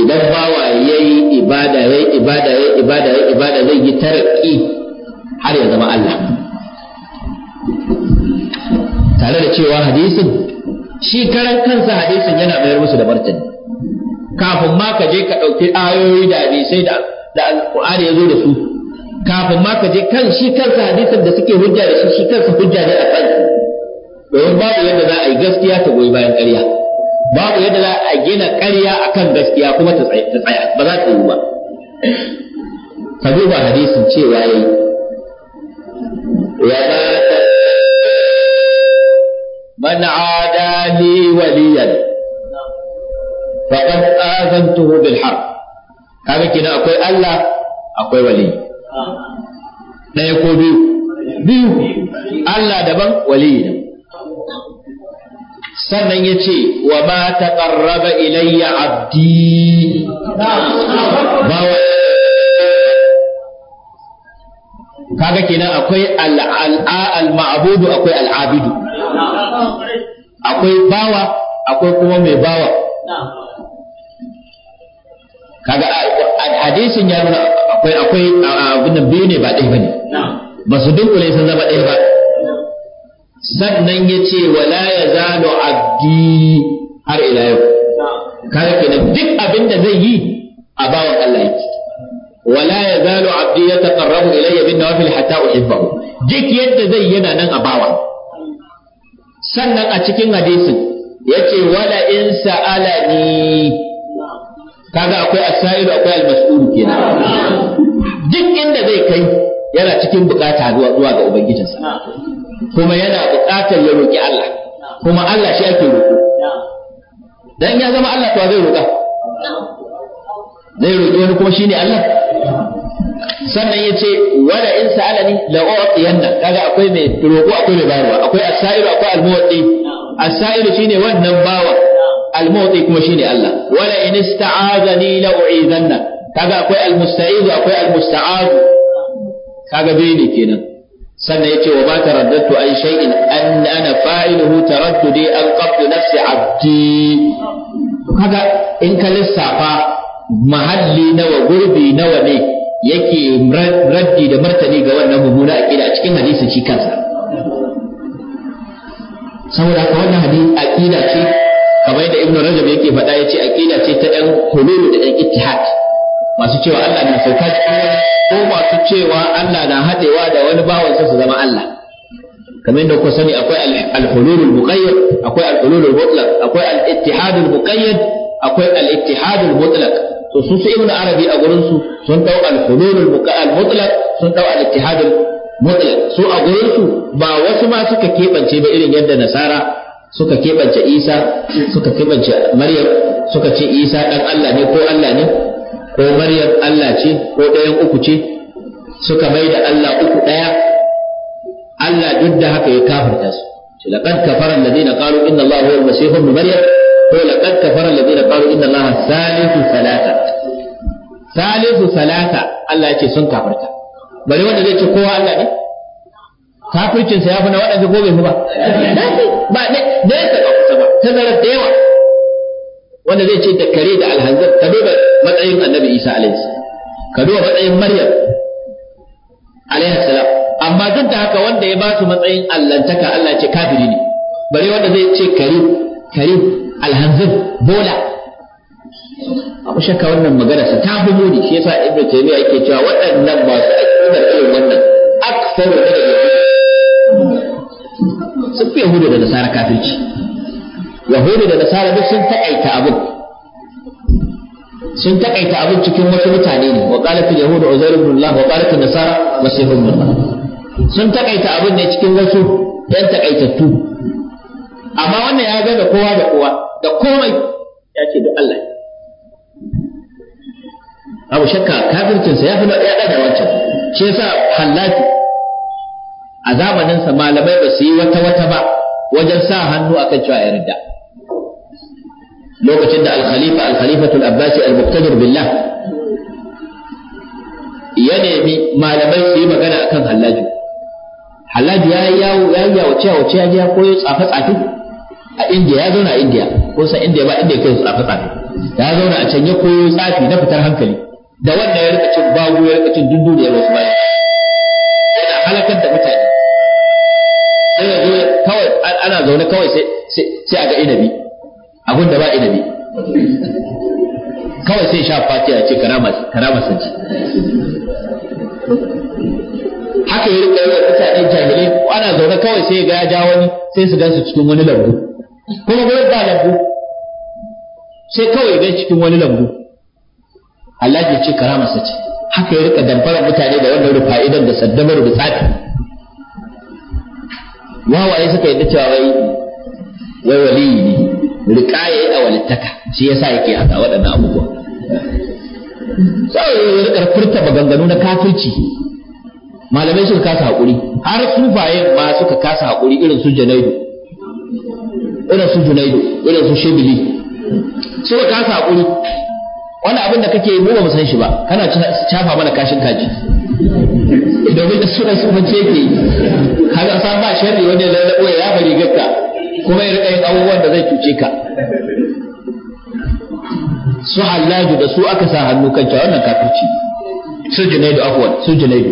idan bawa ya yi ibada ya yi ibada ya yi ibada ya yi ibada zai yi tarki har ya zama Allah tare da cewa hadisin shi karan kansa hadisin yana mayar musu da martani kafin ma ka je ka ɗauki ayoyi da hadisai da da ya zo da su kafin ma ka je kan shi kansa hadisin da suke hujja da shi shi kansa hujja ne a kansu domin babu yadda za a yi gaskiya ta goyi bayan ƙarya babu yadda za a gina ƙarya akan gaskiya kuma ta tsaya ba za ta yi ba ka duba hadisin cewa yi. ya من عادى لي وليا فقد آذنته بالحرب هذا kina akwai Allah akwai ولي ɗaya ko biyu biyu Allah daban waliyi daban sannan ya ce wa ma taqarraba ilayya abdi ba kaga kenan akwai al-ma'budu akwai al'abidu, akwai bawa akwai kuma mai bawa kaga hadisin ya nuna akwai akwai abin da biyu ne ba ɗaya ba ne ba su dunkule sun zama ɗaya ba sannan ya ce wala ya zalo abdi har ila yau ke nan duk abin da zai yi a bawan Allah yake wala ya zalo abdi ya taqarrabu ilayya bin nawafil hatta uhibbahu duk yadda zai yana nan a bawa sannan a cikin hadisin ce wala in ni. kaga akwai asairu akwai almas'ul kenan duk inda zai kai yana cikin bukata zuwa ga ubangijinsa kuma yana bukatar ya roki Allah kuma Allah shi ake roƙo dan ya zama Allah to zai roƙa zai roƙi wani kuma shine Allah sannan ya ce wala in sa'alani la u'tiyanna kaga akwai mai roƙo akwai mai bayarwa akwai as akwai almuwaddi muwaddi shine wannan bawa al-mu'ti kuma shine Allah wala in ista'azani la u'izanna kaga akwai al-musta'izu akwai al-musta'azu kaga bai ne kenan sannan yace wa ba taraddatu an shay'in an ana fa'iluhu taraddudi an qabdu nafsi abdi kaga in ka lissafa mahalli nawa gurbi nawa ne yake raddi da martani ga wannan mummuna aqida a cikin hadisin shi kansa saboda haka wannan hadisi aqida ce kamar yadda ibnu rajab yake faɗa ya yace aqida ce ta ɗan hulul da ɗan ittihad masu cewa Allah na sauka ko masu cewa Allah na haɗewa da wani bawan bawansa su zama Allah kamar yadda ku sani akwai al-hulul al-muqayyad akwai al-hulul al-mutlaq akwai al-ittihad al-muqayyad akwai al-ittihad al-mutlaq to su su ibnu arabi a gurin su sun dau al-hulul al-mutlaq sun dau al-ittihad al-mutlaq su a gurin su ba wasu ma suka kebance ba irin yadda nasara suka keɓance isa suka keɓance maryam suka ce isa ɗan allah ne ko allah ne ko maryam allah ce ko ɗayan uku ce suka mai da allah uku ɗaya allah duk da haka ya kafirta su لقد كفر الذين قالوا إن الله هو المسيح ابن مريم ولقد كفر الذين قالوا إن الله ثالث ثلاثة ثالث ثلاثة الله ce sun كفرتا بل wanda zai ce kowa Allah ne kafircinsa ya fi na waɗanda gobe ba ba ne da ya saba kusa ba tazarar da yawa wanda zai ce da kare da alhanzar ka duba matsayin annabi isa alaihi ka duba matsayin maryam alaihi salam amma duk da haka wanda ya ba su matsayin allantaka allah ce kafiri ne bare wanda zai ce kare kare alhanzar bola abu shakka wannan magana sa ta fi muni shi yasa ibnu taymiya yake cewa waɗannan masu da irin wannan saboda kada sun fi yahudu da nasara kafirci yahudu da nasara duk sun taƙaita abin sun taƙaita abin cikin wasu mutane ne wa qalatul yahudu uzair ibn Allah wa qalatul nasara masih ibn Allah sun taƙaita abin ne cikin wasu ɗan taƙaitattu amma wannan ya ga da kowa da kowa da komai ya ce da Allah abu shakka kafircinsa ya fi ya ɗaga wancan shi yasa hallaki a zamaninsa malamai ba su yi wata wata ba wajen sa hannu akan cewa ya ridda lokacin da al Alkhalifatul al-khalifatul abbasi al-muqtadir billah ya nemi malamai su yi magana akan hallaju hallaju ya yi yawo ya yi yawo cewa ya je ko ya tsafa tsafi a indiya ya zauna a indiya ko san indiya ba indiya kai tsafa tsafi ya zauna a can ya koyo tsafi na fitar hankali da wannan ya rika cin bago ya rika cin ya wasu bayan yana halakar da mutane kawai ana zaune kawai sai a ga inabi abin da ba inabi kawai sai sha fatiha ce karama sanci haka yi rika yawan mutane ko ana zaune kawai sai ga ya ja wani sai su gansu cikin wani lambu kuma gurin ba lambu sai kawai gan cikin wani lambu Allah ya ce karama sace haka ya rika damfarar mutane da wannan idan da saddamar da tsafi wawaye suka yadda cewa wai wai wali ne riƙaye a walittaka shi yasa yake haka waɗannan abubuwa sai ya rika furta maganganu na kafirci malamai suka kasa haƙuri har sufaye ma suka kasa haƙuri irin su janaidu irin su junaidu irin su shebili suka kasa haƙuri wani abin da kake yi mu ba mu san shi ba kana shafa mana kashin kaji domin da suna su mace ke kaga san ba sharri wanda ya lallabo ya yafa rigarka kuma ya riƙa yin abubuwan da zai cuce ka su hallaju da su aka sa hannu kan cewa wannan kafirci su junaidu afwan su junaidu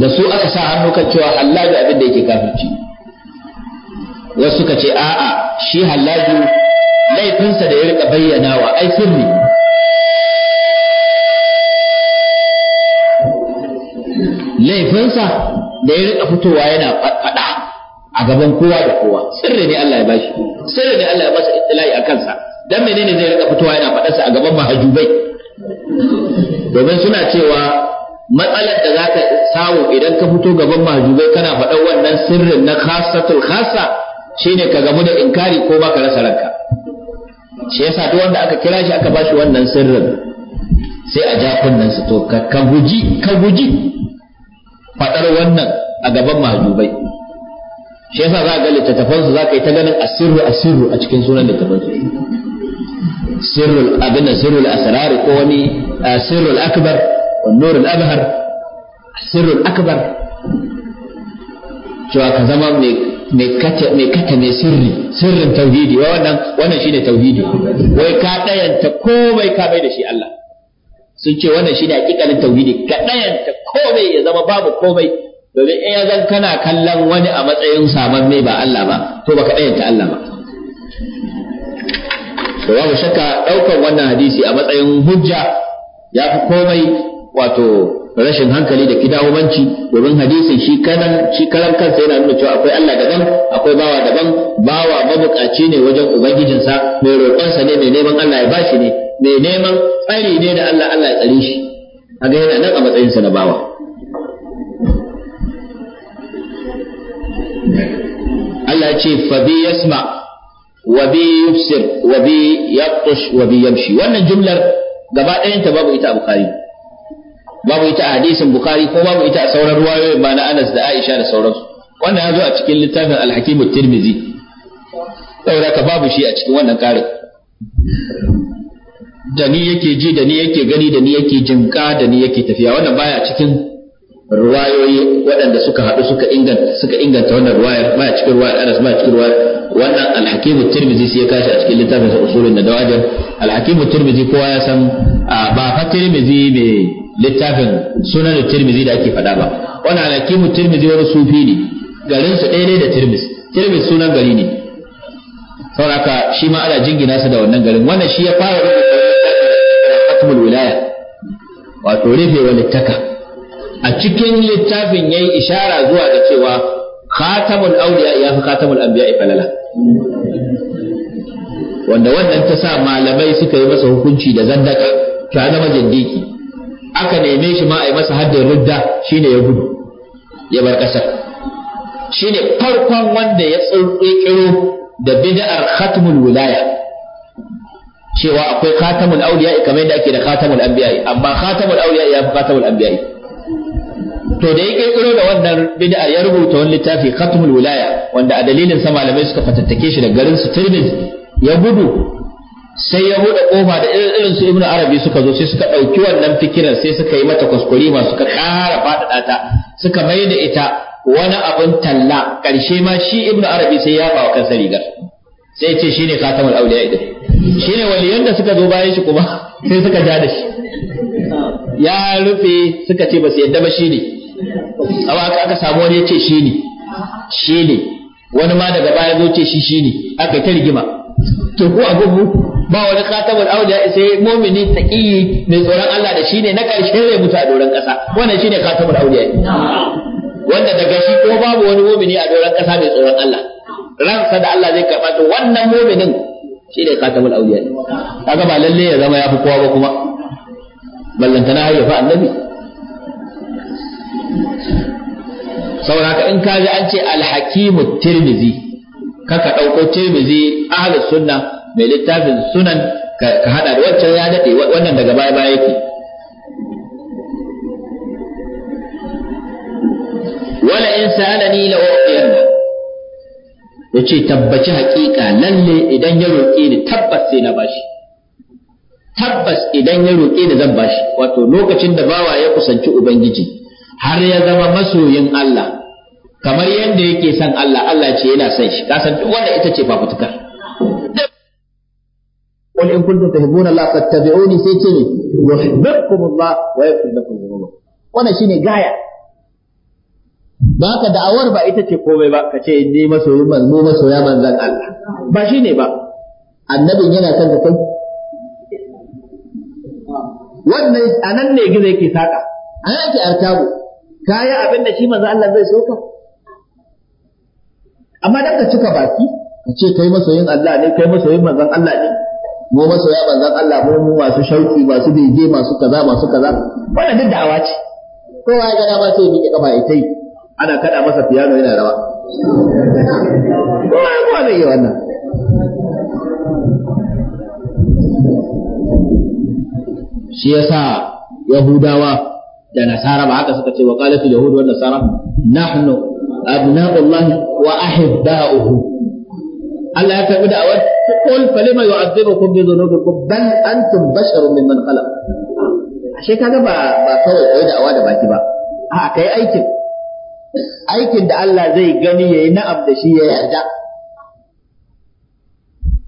da su aka sa hannu kan cewa hallaju abin da yake kafirci wasu suka ce a'a shi hallaju laifinsa da ya rika bayyanawa ai sirri laifinsa da ya rika fitowa yana faɗa a gaban kowa da kowa sirri ne Allah ya bashi sirri ne Allah ya masa ittila'i a kansa dan menene zai rika fitowa yana faɗarsa a gaban mahajubai domin suna cewa matsalar da za ka samu idan ka fito gaban mahajubai kana faɗan wannan sirrin na khasatul khasa shine ka gamu da inkari ko ba ka rasa ranka shi yasa duk wanda aka kira shi aka bashi wannan sirrin sai a ja kunnen su to ka guji ka guji faɗar wannan a gaban mahajubai shi yasa za ga littattafansu za ka yi ta ganin asirru asirru a cikin sunan littattafansu sirrul abin da sirrul asrar ko wani eh, sirrul akbar wan nurul abhar sirrul akbar cewa ka zama mai kata mai sirri sirrin tauhidi wa wannan wannan shine tauhidi wai ka dayanta komai ka bai da shi Allah sun ce wannan shine hakikalin tauhidi ka dayanta komai ya zama babu komai domin in ya zan kana kallon wani a matsayin saman mai ba Allah ba to baka dayanta Allah ba to babu shakka daukar wannan hadisi a matsayin hujja ya fi komai wato rashin hankali da kidawomanci domin hadisin shi kanan shi karan kansa yana nuna cewa akwai Allah daban akwai bawa daban bawa mabukaci ne wajen ubangijinsa mai roƙonsa ne mai neman Allah ya bashi ne mai neman tsari ne da Allah Allah ya tsare shi a ga yana nan a matsayinsa na bawa Allah ya ce fa bi yasma wa bi yubsir wa bi yabtush wa bi yamshi wannan jumlar gaba ɗayanta babu ita a Bukhari babu ita a hadisin Bukhari ko babu ita a sauran ruwayoyin ba na Anas da Aisha da sauransu wannan ya zo a cikin littafin Al-Hakim at-Tirmidhi saboda ka babu shi a cikin wannan ƙarin da ni yake ji da ni yake gani da ni yake jinka da ni yake tafiya wannan baya cikin ruwayoyi waɗanda suka haɗu suka inganta suka inganta wannan ruwayar baya cikin ruwayar Anas baya cikin ruwayar wannan al-Hakim at-Tirmidhi sai ya kashi a cikin littafin sa usulun nadawaj al-Hakim at-Tirmidhi kowa ya san ba fa Tirmidhi me littafin sunan at-Tirmidhi da ake faɗa ba wannan al-Hakim at-Tirmidhi wani sufi ne garin su ɗaya ne da Tirmidhi Tirmidhi sunan gari ne saboda haka shi ma ana jingina su da wannan garin wannan shi ya fara rubuta hatmul wilaya wato wa littaka a cikin littafin yayi ishara zuwa da cewa khatamul awliya ya fi khatamul anbiya falala wanda wannan ta sa malamai suka yi masa hukunci da zandaka ta zama jindiki aka neme shi ma a yi masa haddin rudda shine ya gudu ya bar Shi shine farkon wanda ya tsirkiro da bid'ar khatmul wilaya cewa akwai khatamul auliya kamar yadda ake da khatamul anbiya amma khatamul auliya ya fi khatamul anbiya to da ya kirkiro da wannan bid'a ya rubuta wani littafi khatmul wilaya wanda a dalilin sa malamai suka fatattake shi da garin su turbin ya gudu sai ya buɗe ƙofa da irin su ibnu arabi suka zo sai suka ɗauki wannan fikiran, sai suka yi mata kuskure ma suka ƙara faɗaɗa ta suka mai da ita wani abin talla ƙarshe ma shi ibnu arabi sai ya ba wa kansa rigar sai ce shine khatamul awliya idan shine waliyan da suka zo bayan shi kuma sai suka ja da shi ya rufe suka ce ba su yadda ba shine amma aka samu wani ya ce shine shine wani ma daga baya zo ce shi shine aka yi ta rigima to ko a gugu ba wani katabar auliya sai momini taqiyi mai tsoron Allah da shine na karshen rai mutu a doron kasa wannan shine katabar auliya wanda daga shi ko babu wani momini a doron kasa mai tsoron Allah ransa da Allah zai karɓa to wannan mominin shine katabar auliya kaga ba lalle ya zama ya fi kowa ba kuma ballantana har ya annabi saboda in kaji an ce al-hakimu tirmizi kaka ɗauko tirmizi ahlus sunna mai littafin sunan ka hada da wancan ya daɗe wannan daga baya baya yake wala in sa'alani la u'tiyanna yace tabbaci haƙiƙa lalle idan ya roƙe ni tabbas sai na bashi tabbas idan ya roƙe ni zan bashi wato lokacin da bawa ya kusanci ubangiji har ya zama masoyin Allah kamar yadda yake son Allah Allah ce yana son shi kasan duk wanda ita ce fafutukar قل إن كنتم تحبون الله فاتبعوني سيتني يحببكم الله ويغفر لكم ذنوبكم wannan shine gaya baka da'awar ba ita ce komai ba ka ce ni masoyin manzo masoya manzan Allah ba shine ba annabin yana da kai wannan anan ne gizo yake saka anan yake artabu kaya abin da shi manzo Allah zai soka amma dan ka cika baki ka ce kai masoyin Allah ne kai masoyin manzon Allah ne mu masoya manzon Allah mu masu shauki masu bege masu kaza masu kaza wannan duk da'awa ce kowa ya gada ba sai ya miƙe kafa ya kai ana kada masa piano yana rawa kowa ya kowa zai yi wannan shi yasa yahudawa da nasara ba haka suka ce wa qalatul yahud wa nasara nahnu abna'ullah wa ahibba'uhu Allah ya karbi da'awar qul falima yu'adhibukum bi dhunubikum bal antum basharun mimman khalaq ashe kaga ba ba kawai koyi da'awa da baki ba a'a kai aikin aikin da Allah zai gani yayi na'am da shi ya yarda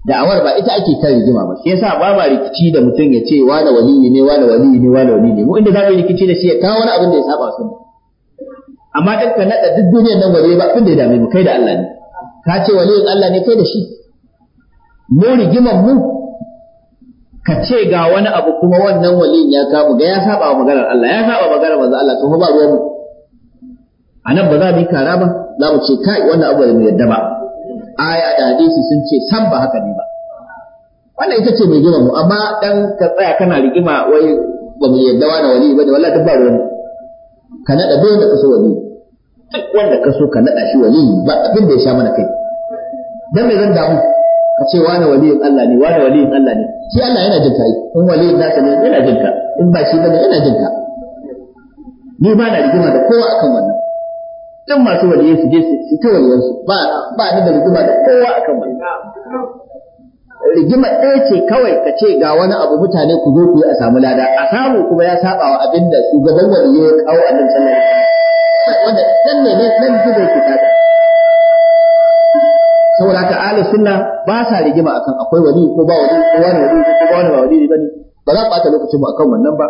da'awar ba ita ake ta rigima ba shi yasa ba ma rikici da mutum ya ce wani waliyi ne wani waliyi ne wani waliyi ne mu za mu rikici da shi ya kawo wani abin ya saba sunna amma ɗin ka naɗa duk duniyar nan waje ba abin da ya dame mu kai da Allah ne ka ce waliyin Allah ne kai da shi mu rigimar mu ka ce ga wani abu kuma wannan waliyin ya kamu ga ya saba wa maganar Allah ya saba maganar manzo Allah to ba ruwan mu anan ba za mu yi kara ba za mu ce kai wannan abu da mu yadda ba aya da hadisi sun ce san ba haka ne ba wannan ita ce mai gina mu amma dan ka tsaya kana rigima wai ba mu yadda wani wali ba da wallahi duk ba ruwan mu ka naɗa duk wanda ka so wali duk wanda ka so ka naɗa shi wali ba abin da ya sha mana kai dan me zan damu ka ce wani waliyin Allah ne wani waliyin Allah ne shi Allah yana jin in waliyin nasa ne yana jin in ba shi bane yana jin ni ba na rigima da kowa akan wannan dan masu waliyai su je su ta waliyansu ba ba ni da rigima da kowa akan wannan rigima ɗaya ce kawai ka ce ga wani abu mutane ku zo ku yi a samu lada a samu kuma ya saba wa abin da shugaban wani ya kawo a sallallahu alaihi wanda nan ne ne nan gidan ki tada saboda ka ahlus sunna ba sa rigima akan akwai wani ko ba wani ko wani wani ko ba wani ba wali bane ba za ɓata lokacin mu akan wannan ba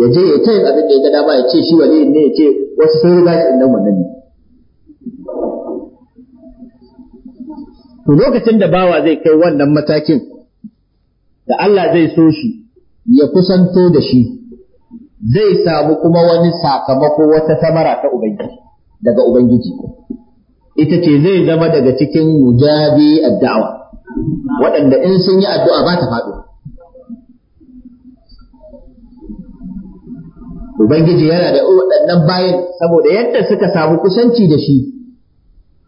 ya je ya ce abin da ya ga dama ya ce shi wali ne ya ce wasu sun riga shi inda wannan ne to lokacin da bawa zai kai wannan matakin da Allah zai so shi ya kusanto da shi zai samu kuma wani sakamako wata samara ta ubangiji daga ubangiji ita ce zai zama daga cikin mujabi addu'a waɗanda in sun yi addu'a ba ta faɗo Ubangiji yana da waɗannan bayan saboda yadda suka samu kusanci da shi,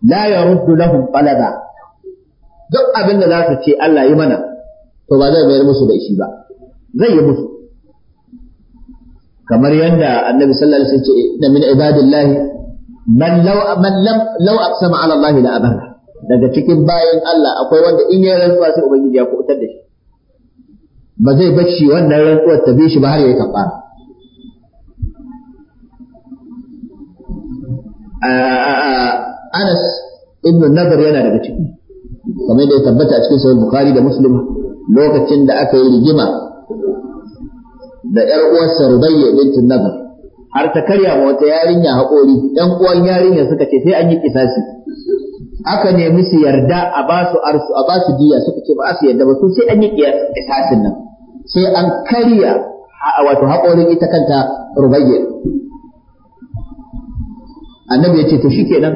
la ya ruddu lahum qalaba duk abin da za su ce Allah yi mana to ba zai mayar musu da shi ba zai yi musu kamar yadda annabi sallallahu alaihi wasallam ce inna min ibadillahi man law man lam law aqsama ala Allah la abara daga cikin bayan Allah akwai wanda in yi rantsuwa sai ubangiji ya kubutar da shi ba zai bacci wannan rantsuwar ta bi shi ba har ya kafara Anas ibn Nadar yana daga ciki kamar da ya tabbata a cikin sahih bukhari da muslim lokacin da aka yi rigima da yar uwarsa rubayya bint nadar har ta karya ma wata yarinya haƙori ɗan uwan yarinya suka ce sai an yi kisasi aka nemi su yarda a ba su arsu a ba su diya suka ce ba su yarda ba su sai an yi kisasin nan sai an karya wato haƙorin ita kanta rubayya annabi ya ce to shikenan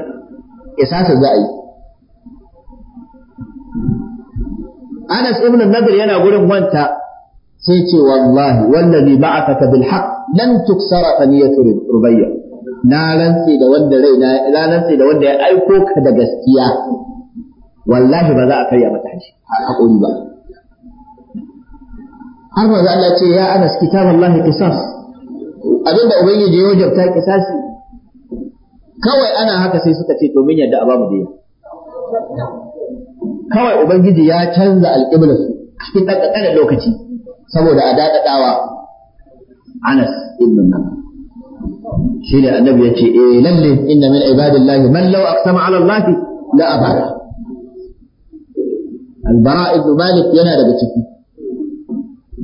kisasin za a yi Anas ibn Nadir yana gurin wanta sai ce wallahi wallazi ba'athaka bil haqq lan tuksara faniyatu rubayya na rantsi da wanda rai na rantsi da wanda ya aiko ka da gaskiya wallahi ba za a karya mata haji hakuri ba har manzo Allah ce ya Anas kitaballahi qisas abinda ubangiji ya wajabta qisasi kawai ana haka sai suka ce to min yadda a bamu kawai ubangiji ya canza alƙiblar su cikin ɗan lokaci saboda a daɗaɗawa Anas ibn Malik shi ne annabi ya ce eh lalle inna min ibadillahi man law aqsama ala Allah la abada albara ibn malik yana daga ciki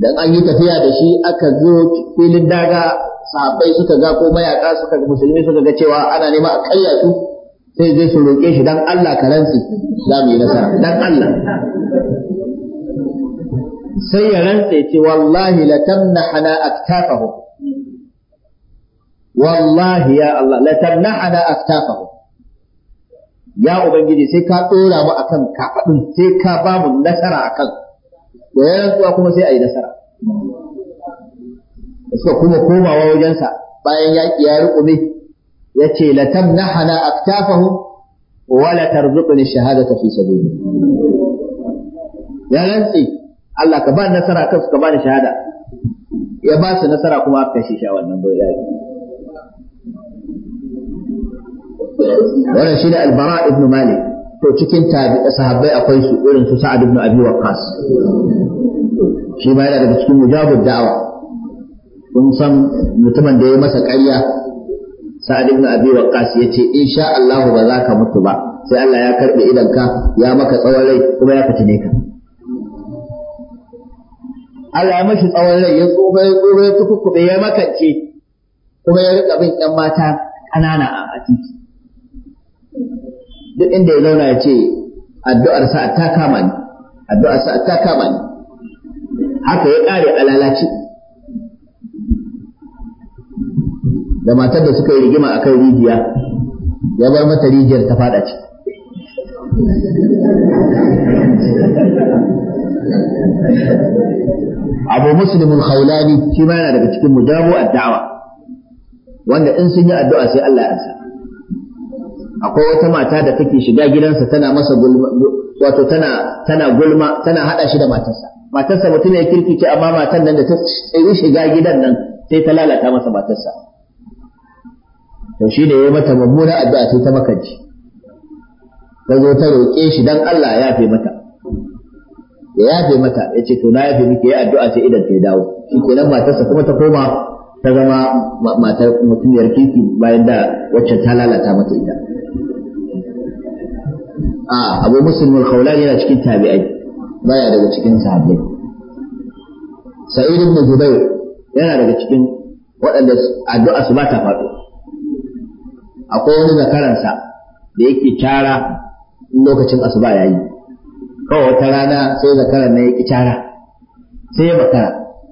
dan an yi tafiya da shi aka zo filin daga sahabbai suka ga ko mayaka suka ga musulmi suka ga cewa ana nema a karya su sai zai su roƙe shi dan Allah ka rantsi za mu yi nasara dan Allah sai ya rantse ce wallahi la tamnahana aktafahu wallahi ya Allah la tamnahana aktafahu ya ubangiji sai ka tsora mu akan kafadin sai ka ba mu nasara akan to ya rantsuwa kuma sai a yi nasara suka kuma komawa wajensa bayan yaƙi ya riƙume yace la tamnahana aktafahu wa la tarzuqni shahadata fi sabili ya rantsi Allah ka ba nasara kan ka ba ni shahada ya ba su nasara kuma aka kashe shi a wannan yaki wannan shine albara ibn malik to cikin tabi sahabbai akwai su irin su sa'ad ibn abi waqqas shi ma yana daga cikin mujabud da'awa kun san mutumin da ya masa ƙarya sa'ad ibn abi ce yace insha Allah ba za ka mutu ba sai Allah ya karbe idanka ya maka tsawon rai kuma ya fitine ka Allah ya mashi tsawon rai ya tsufa ya tsufa ya tukukube ya makance kuma ya rika bin ƴan mata ƙanana a titi duk inda ya zauna ya ce addu'ar sa ta kama ni addu'ar sa ta kama ni haka ya kare a lalace da matar da suka yi rigima a kan rijiya ya bar mata rijiyar ta fada ci abu muslim al-khawlani shi ma yana daga cikin mujabu ad-da'wa wanda in sun yi addu'a sai Allah ya ansa akwai wata mata da take shiga gidansa tana masa gulma wato tana tana gulma tana hada shi da matarsa matarsa mutum ya kirkice amma matan nan da ta tsiri shiga gidan nan sai ta lalata masa matarsa to ya yayi mata mummuna addu'a sai ta makanci ta zo ta roƙe shi dan Allah ya yafe mata ya yafe mata ya ce to na yafe miki yayi addu'a sai idan ta dawo shikenan matarsa kuma ta koma ta zama matar mutumiyar kirki bayan da wacce ta lalata mata ita a abu muslim al-khawlani yana cikin tabi'ai baya daga cikin sahabbai sa'id ibn zubair yana daga cikin waɗanda addu'a su ba ta faɗo akwai wani zakaransa da yake tara lokacin asuba yayi kawai wata rana sai zakaran na yake tara sai ya makara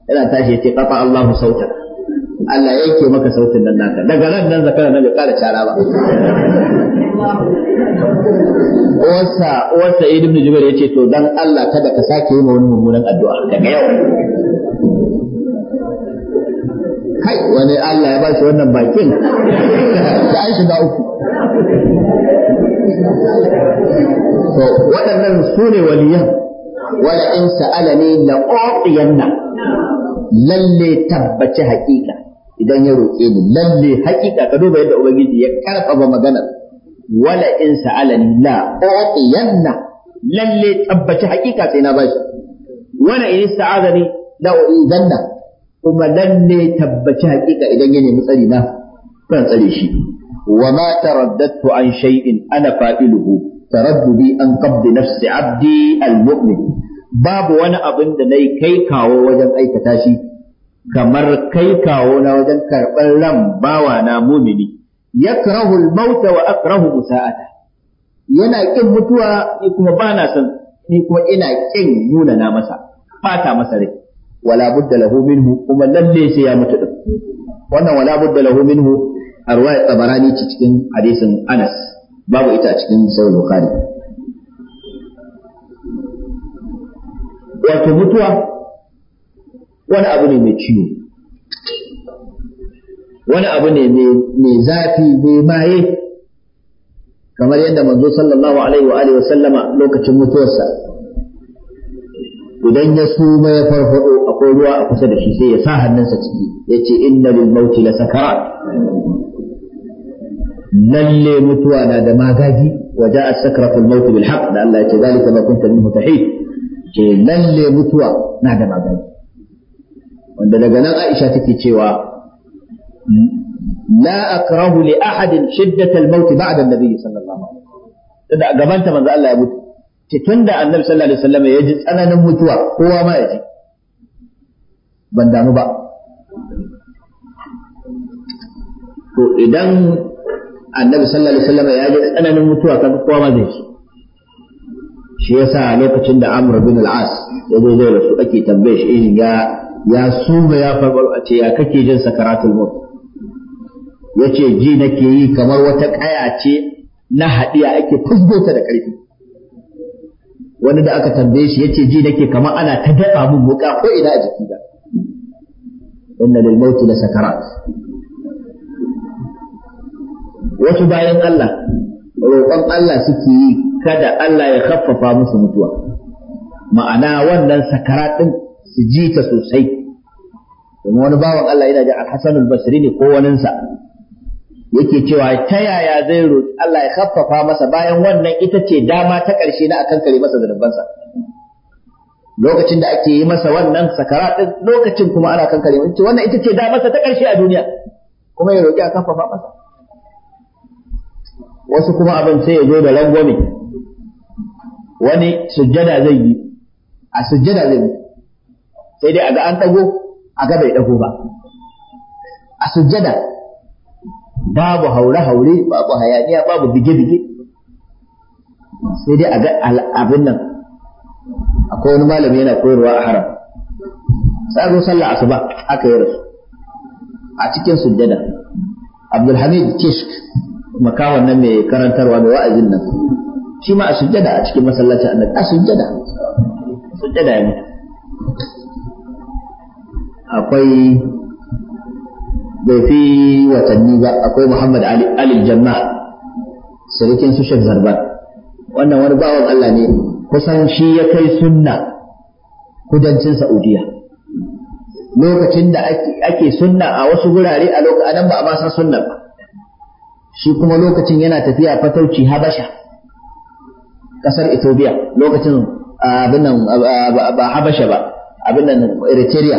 yana tashi ya ce kafa Allahu sauta Allah ya yake maka sautin nan naka daga ran nan zakaran nan bai kara tara ba uwarsa uwarsa ibn jubair yace to dan Allah kada ka sake yi ma wani mummunan addu'a daga yau kai wani Allah ya ba shi wannan bakin ta an shiga uku to waɗannan su ne waliyan wala in sa'alani la uqiyanna lalle tabbaci haƙiƙa idan ya roƙe ni lalle haƙiƙa ka duba yadda ubangiji ya karfafa maganar wala in sa'alani la uqiyanna lalle tabbaci haƙiƙa sai na shi. wala in sa'alani la uqiyanna kuma lalle tabbaci haƙiƙa idan ya nemi tsari na kan tsare shi wa ma taraddadtu an shay'in ana fa'iluhu taraddudi an qabdi nafsi abdi almu'min babu wani abin da nayi kai kawo wajen aikata shi kamar kai kawo na wajen karɓar ran bawa na mumini yakrahu al-maut wa akrahu musa'ata yana kin mutuwa ni kuma bana son ni kuma ina kin nuna na masa fata masa rai wala budda lahu minhu kuma lalle sai ya mutu din wannan wala budda lahu minhu arwaya tabarani ce cikin hadisin Anas babu ita cikin sahih bukhari wato mutuwa wani abu ne mai ciwo wani abu ne mai zafi mai maye kamar yadda manzo sallallahu alaihi wa sallama lokacin mutuwarsa idan ya suma ya farfado ko ruwa a kusa da shi sai ya sa hannunsa ciki ya ce inna lil mauti la sakarat lalle mutuwa na da magaji wa ja'a sakratul maut bil haqq da Allah ya ce zalika ma kunta minhu tahid ce lalle mutuwa na da magaji wanda daga nan Aisha take cewa la akrahu li ahadin shiddatal maut ba'da an-nabi sallallahu alaihi wasallam da gabanta manzo Allah ya mutu ce tunda annabi sallallahu alaihi wasallam ya ji tsananin mutuwa kowa ma ya ji ban damu ba to idan annabi sallallahu alaihi wasallam ya ji tsananin mutuwa kaga kowa ma zai shi yasa lokacin da Amr bin al-As ya zo zai rasu ake tambaye shi in ya ya suma ya farbar a ce ya kake jin sakaratul Ya yace ji nake yi kamar wata kaya ce na haɗiya ake fuskota da ƙarfi wani da aka tambaye shi yace ji nake kamar ana ta daɗa mun wuƙa ko ina a jiki da inna lil mauti wasu bayan Allah roƙon Allah suke yi kada Allah ya khaffafa musu mutuwa ma'ana wannan sakara ɗin su ji ta sosai kuma wani bawan Allah yana da al-Hasan al-Basri ne ko waninsa yake cewa ta yaya zai roƙi Allah ya kaffafa masa bayan wannan ita ce dama ta ƙarshe na akan kare masa zanubansa lokacin da ake yi masa wannan sakara din lokacin kuma ana kankare mun ce wannan ita ce damarsa ta karshe a duniya kuma ya roki a kafafa masa wasu kuma abin sai ya zo da langwame wani sujjada zai yi a sujjada zai yi sai dai a ga an dago a ga bai dago ba a sujjada babu haure-haure babu hayaniya babu bige-bige sai dai a ga abin nan akwai wani malami yana koyarwa a haram sai zo sallah asuba aka yi rasu a cikin sujjada Abdulhamid Kishk makawan nan mai karantarwa da wa'azin nan shi ma a sujjada a cikin masallacin annabi a sujjada sujjada ya mutu akwai bai fi watanni ba akwai Muhammad Ali Ali Jamma sarkin su Sheikh Zarban wannan wani bawan Allah ne kusan shi ya kai sunna kudancin Saudiya. Lokacin da ake sunna a wasu gurare a lokacin ba a ma san sunna ba. Shi kuma lokacin yana tafiya fatauci Habasha, ƙasar Ethiopia lokacin abin nan ba Habasha ba, abin nan Eritrea.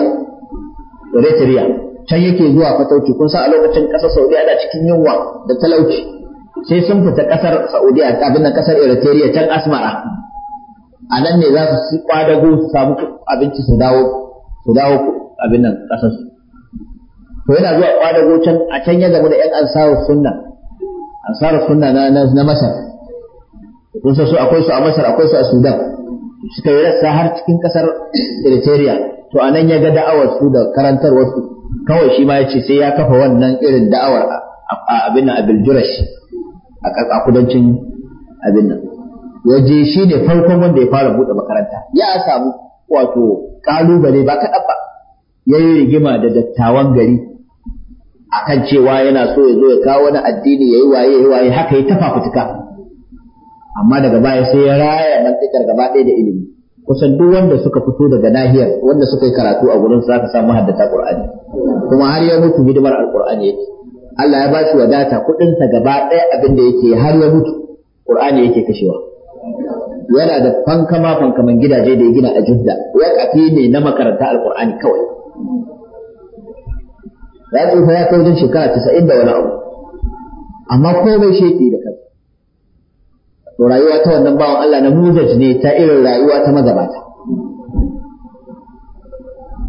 Eritrea. Can yake zuwa fatauci kun san a lokacin kasar Saudiya da cikin yunwa da talauci. Sai sun fita ƙasar Saudiya abin nan ƙasar Eritrea can Asmara. a nan ne za su su kwadago su samu abinci su dawo su dawo abin nan ƙasar su to yana zuwa kwadago can a can ya zama da ƴan ansaru sunna ansaru sunna na na Masar kun san su akwai su a Masar akwai su a Sudan suka yi rassa har cikin ƙasar Eritrea to a nan ya ga da'awar su da karantarwar su kawai shi ma ya ce sai ya kafa wannan irin da'awar a abin nan a Biljurash a kudancin abin nan Waje shi ne farkon wanda ya fara buɗe makaranta ya samu wato ƙalubale ba kaɗan ba ya yi rigima da dattawan gari kan cewa yana so ya zo ya kawo wani addini ya yi waye ya yi waye haka ya tafa fituka amma daga baya sai ya raya tikar gaba ɗaya da ilimi kusan duk wanda suka fito daga nahiyar wanda suka yi karatu a gurin za zaka samu haddata qur'ani kuma har ya mutu hidimar alqur'ani yake Allah ya ba shi wadata kuɗinsa gaba ɗaya abin da yake har ya mutu qur'ani yake kashewa yana da fankama fankaman gidaje da ya gina a Jidda kafi ne na makaranta alkur'ani kawai ya tsufa ya kai wajen shekara tasa'in da wani abu amma komai sheki da kansa to rayuwa ta wannan bawan Allah na muzaj ne ta irin rayuwa ta magabata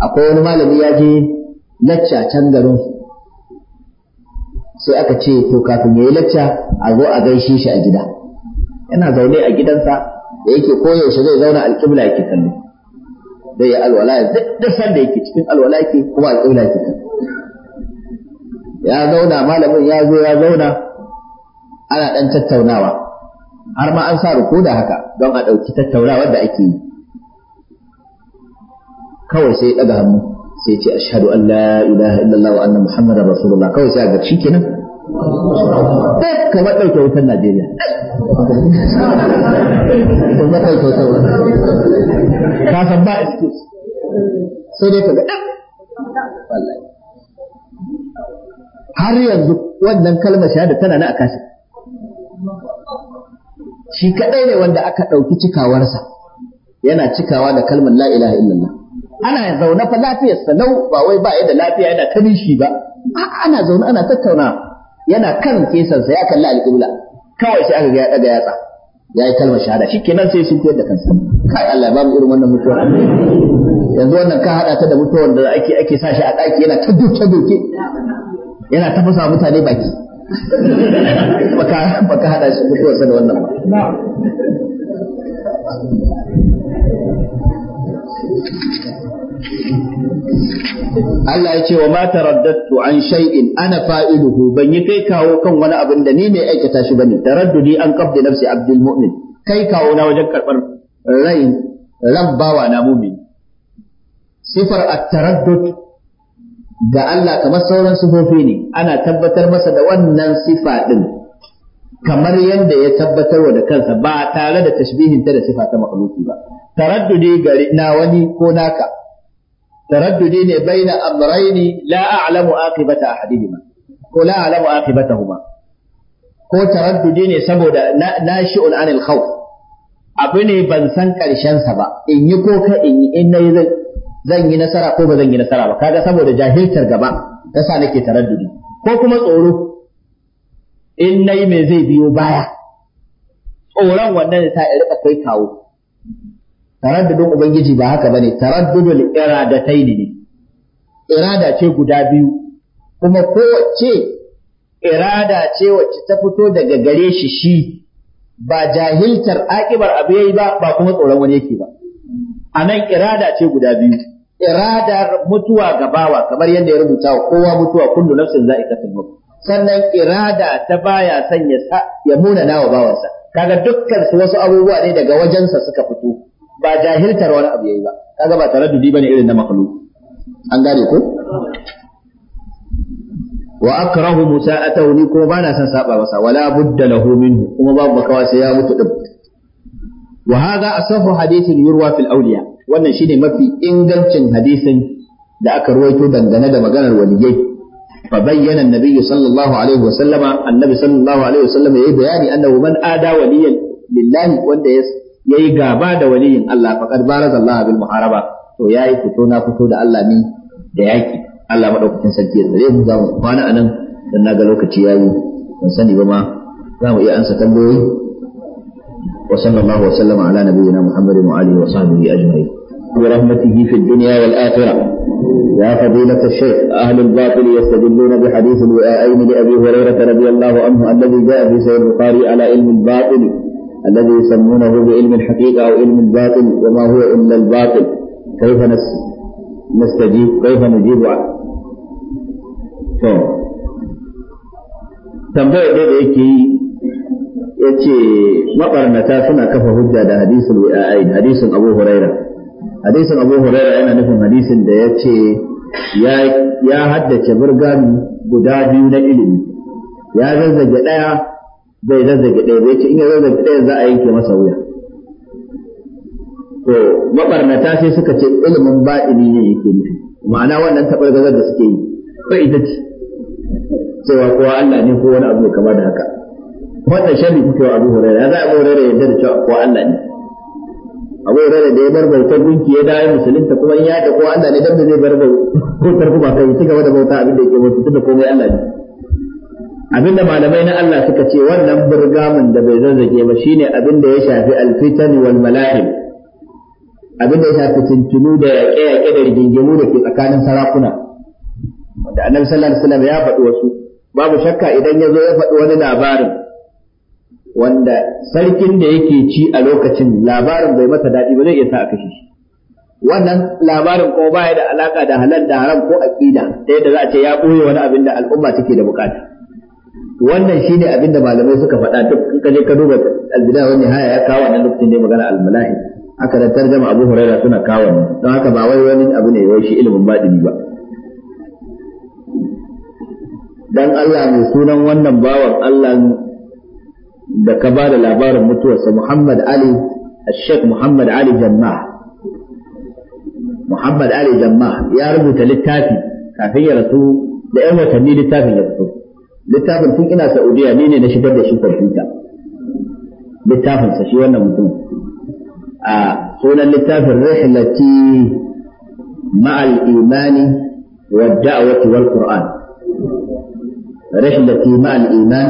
akwai wani malami ya je lacca can garin su sai aka ce to kafin ya yi lacca a zo a gaishe shi a gida yana zaune a gidansa da yake koyaushe zai zauna alƙibla yake kallo zai yi alwala duk da sanda yake cikin alwala yake kuma alƙibla yake kallo ya zauna malamin ya zo ya zauna ana ɗan tattaunawa har ma an sa ruku da haka don a ɗauki tattaunawar da ake yi kawai sai ya ɗaga hannu sai ce ashhadu an la ilaha illallah wa anna muhammadar rasulullah kawai sai a ga kenan. duk eh, kamar ɗauke wutar Najeriya. Kamar ɗauke wutar Najeriya. Kasan ba excuse. Sai dai ka ga Har yanzu wannan kalmar shahada tana na a kashin. Shi kaɗai ne wanda aka ɗauki cikawarsa. Yana cikawa da kalmar la ilaha illallah. Ana zaune fa lafiyarsa lau ba wai ba da lafiya yana ta nishi ba. A'a ana zaune ana tattaunawa. yana kan kesansa ya kalli alƙibla kawai sai aka ga ya ɗaga yatsa ya yi kalmar shahada shi kenan sai sun koyar da kansa kai Allah babu irin wannan mutuwa yanzu wannan ka haɗa ta da mutuwar da ake ake sa shi a ɗaki yana ta duke duke yana ta fasa mutane baki baka baka haɗa shi mutuwar sa da wannan ba Thank you. Allah ya ce wa ma taraddadtu an shay'in ana fa'iluhu ban yi kai kawo kan wani abin da ni ne aikata shi bane taraddudi an qabdi nafsi abdul mu'min kai kawo na wajen karbar rai ran na mu'min sifar at-taraddud ga Allah kamar sauran sifofi ne ana tabbatar masa da wannan sifa din kamar yadda ya tabbatar wa da kansa ba tare da tashbihin ta da sifa ta makhluki ba taraddudi gari na wani ko naka taraddudi ne baina amraini la a'lamu aqibata ahadihima ko la a'lamu aqibatahuma ko taraddudi ne saboda nashi'un anil khawf abu ne ban san karshen sa ba in yi ko ka in yi in nayi zan yi nasara ko ba zan yi nasara ba kaga saboda jahiltar gaba yasa nake taraddudi ko kuma tsoro in nayi me zai biyo baya tsoron wannan ta rika kai kawo taraddudin ubangiji ba haka bane taraddudul iradatain ne irada ce guda biyu kuma kowace irada ce wacce ta fito daga gare shi shi ba jahiltar aƙibar abu yayi ba ba kuma tsoron wani yake ba anan irada ce guda biyu iradar mutuwa ga bawa kamar yadda ya rubuta wa kowa mutuwa kullu nafsin za'iqatul maut sannan irada ta baya son ya muna nawa bawansa kaga dukkan su wasu abubuwa ne daga wajensa suka fito ba jahiltar wani abu yayi ba kaga ba taraddudi bane irin na makhluq an gane ko wa akrahu musa'atahu ni ko bana son saba masa wala budda lahu minhu kuma babu makawa sai ya mutu din wa hadha asahu hadithin yurwa fil awliya wannan shine mafi ingancin hadisin da aka ruwaito dangane da maganar waliyai فبين النبي صلى الله عليه وسلم النبي صلى الله عليه وسلم يبيان أنه من آدى وليا لله وأن yayi gaba da waliyin Allah faqad barazallahu bil muharaba to yayi fito na fito da Allah ne da yaki Allah madaukakin sarki da zai mu zamu kwana anan dan naga lokaci yayi ban sani ba ma za mu iya ansa tambayoyi wa sallallahu wa sallama ala nabiyyina muhammadin wa alihi wa sahbihi ajma'in برحمته في الدنيا والآخرة يا فضيلة الشيخ أهل الباطل يستدلون بحديث الوئائين لأبي هريرة رضي الله عنه الذي جاء في سيد البخاري على علم الباطل الذي يسمونه بعلم الحقيقة أو علم الباطل وما هو إلا الباطل كيف نستجيب كيف نجيب عنه tambayar da yake yi suna kafa hujja da hadisin wi'a'ain hadisin abu huraira hadisin abu yana nufin hadisin da ya ya haddace burgami guda biyu na ilimi ya zazzage ɗaya zai zazzage ɗaya bai ce in ya zazzage ɗaya za a yanke masa wuya to mabarnata sai suka ce ilimin ba'ini ne yake nufi ma'ana wannan tabar gazar da suke yi Ko ita ce cewa kowa Allah ne ko wani abu ne kama da haka wannan shabi kuke wa Abu Hurairah ya za Abu Hurairah ya dace cewa kowa Allah ne Abu Hurairah da ya bar bauta gunki ya dawo musulunta kuma ya da kowa Allah ne dan da zai bar *laughs* bautar kuma kai ci gaba da bauta abin da yake bauta tunda komai Allah ne abinda malamai na Allah suka ce wannan burgamin da bai zazzage ba shine abinda ya shafi alfitan wal malahib abinda ya shafi tuntunu da yaƙe-yaƙe da rigingimu da ke tsakanin sarakuna wanda annabi sallallahu alaihi wasallam ya faɗi wasu babu shakka idan ya zo ya faɗi wani labarin wanda sarkin da yake ci a lokacin labarin bai masa daɗi ba zai iya sa a kashe shi wannan labarin ko baya da alaka da halal da haram ko aqida da yadda za a ce ya ɓoye wani abin da al'umma take da bukata wannan shine abin da malamai suka faɗa duk in ka je ka duba albida wani haya ya kawo wannan lokacin da magana almalahi aka da tarjama abu huraira suna kawo ne don haka ba wai wani abu ne wai shi ilimin baɗini ba dan Allah mai sunan wannan bawan Allah da ka ba da labarin mutuwarsa Muhammad Ali Sheikh Muhammad Ali Jammah Muhammad Ali Jammah ya rubuta littafi kafin ya rasu da 'yan watanni littafin ya fito littafin tun ina Saudiya ne ne na shigar da shi kwamfuta littafin sa shi wannan mutum a sunan littafin rihlati ma'al imani wa da'wati wal qur'an rihlati ma'al iman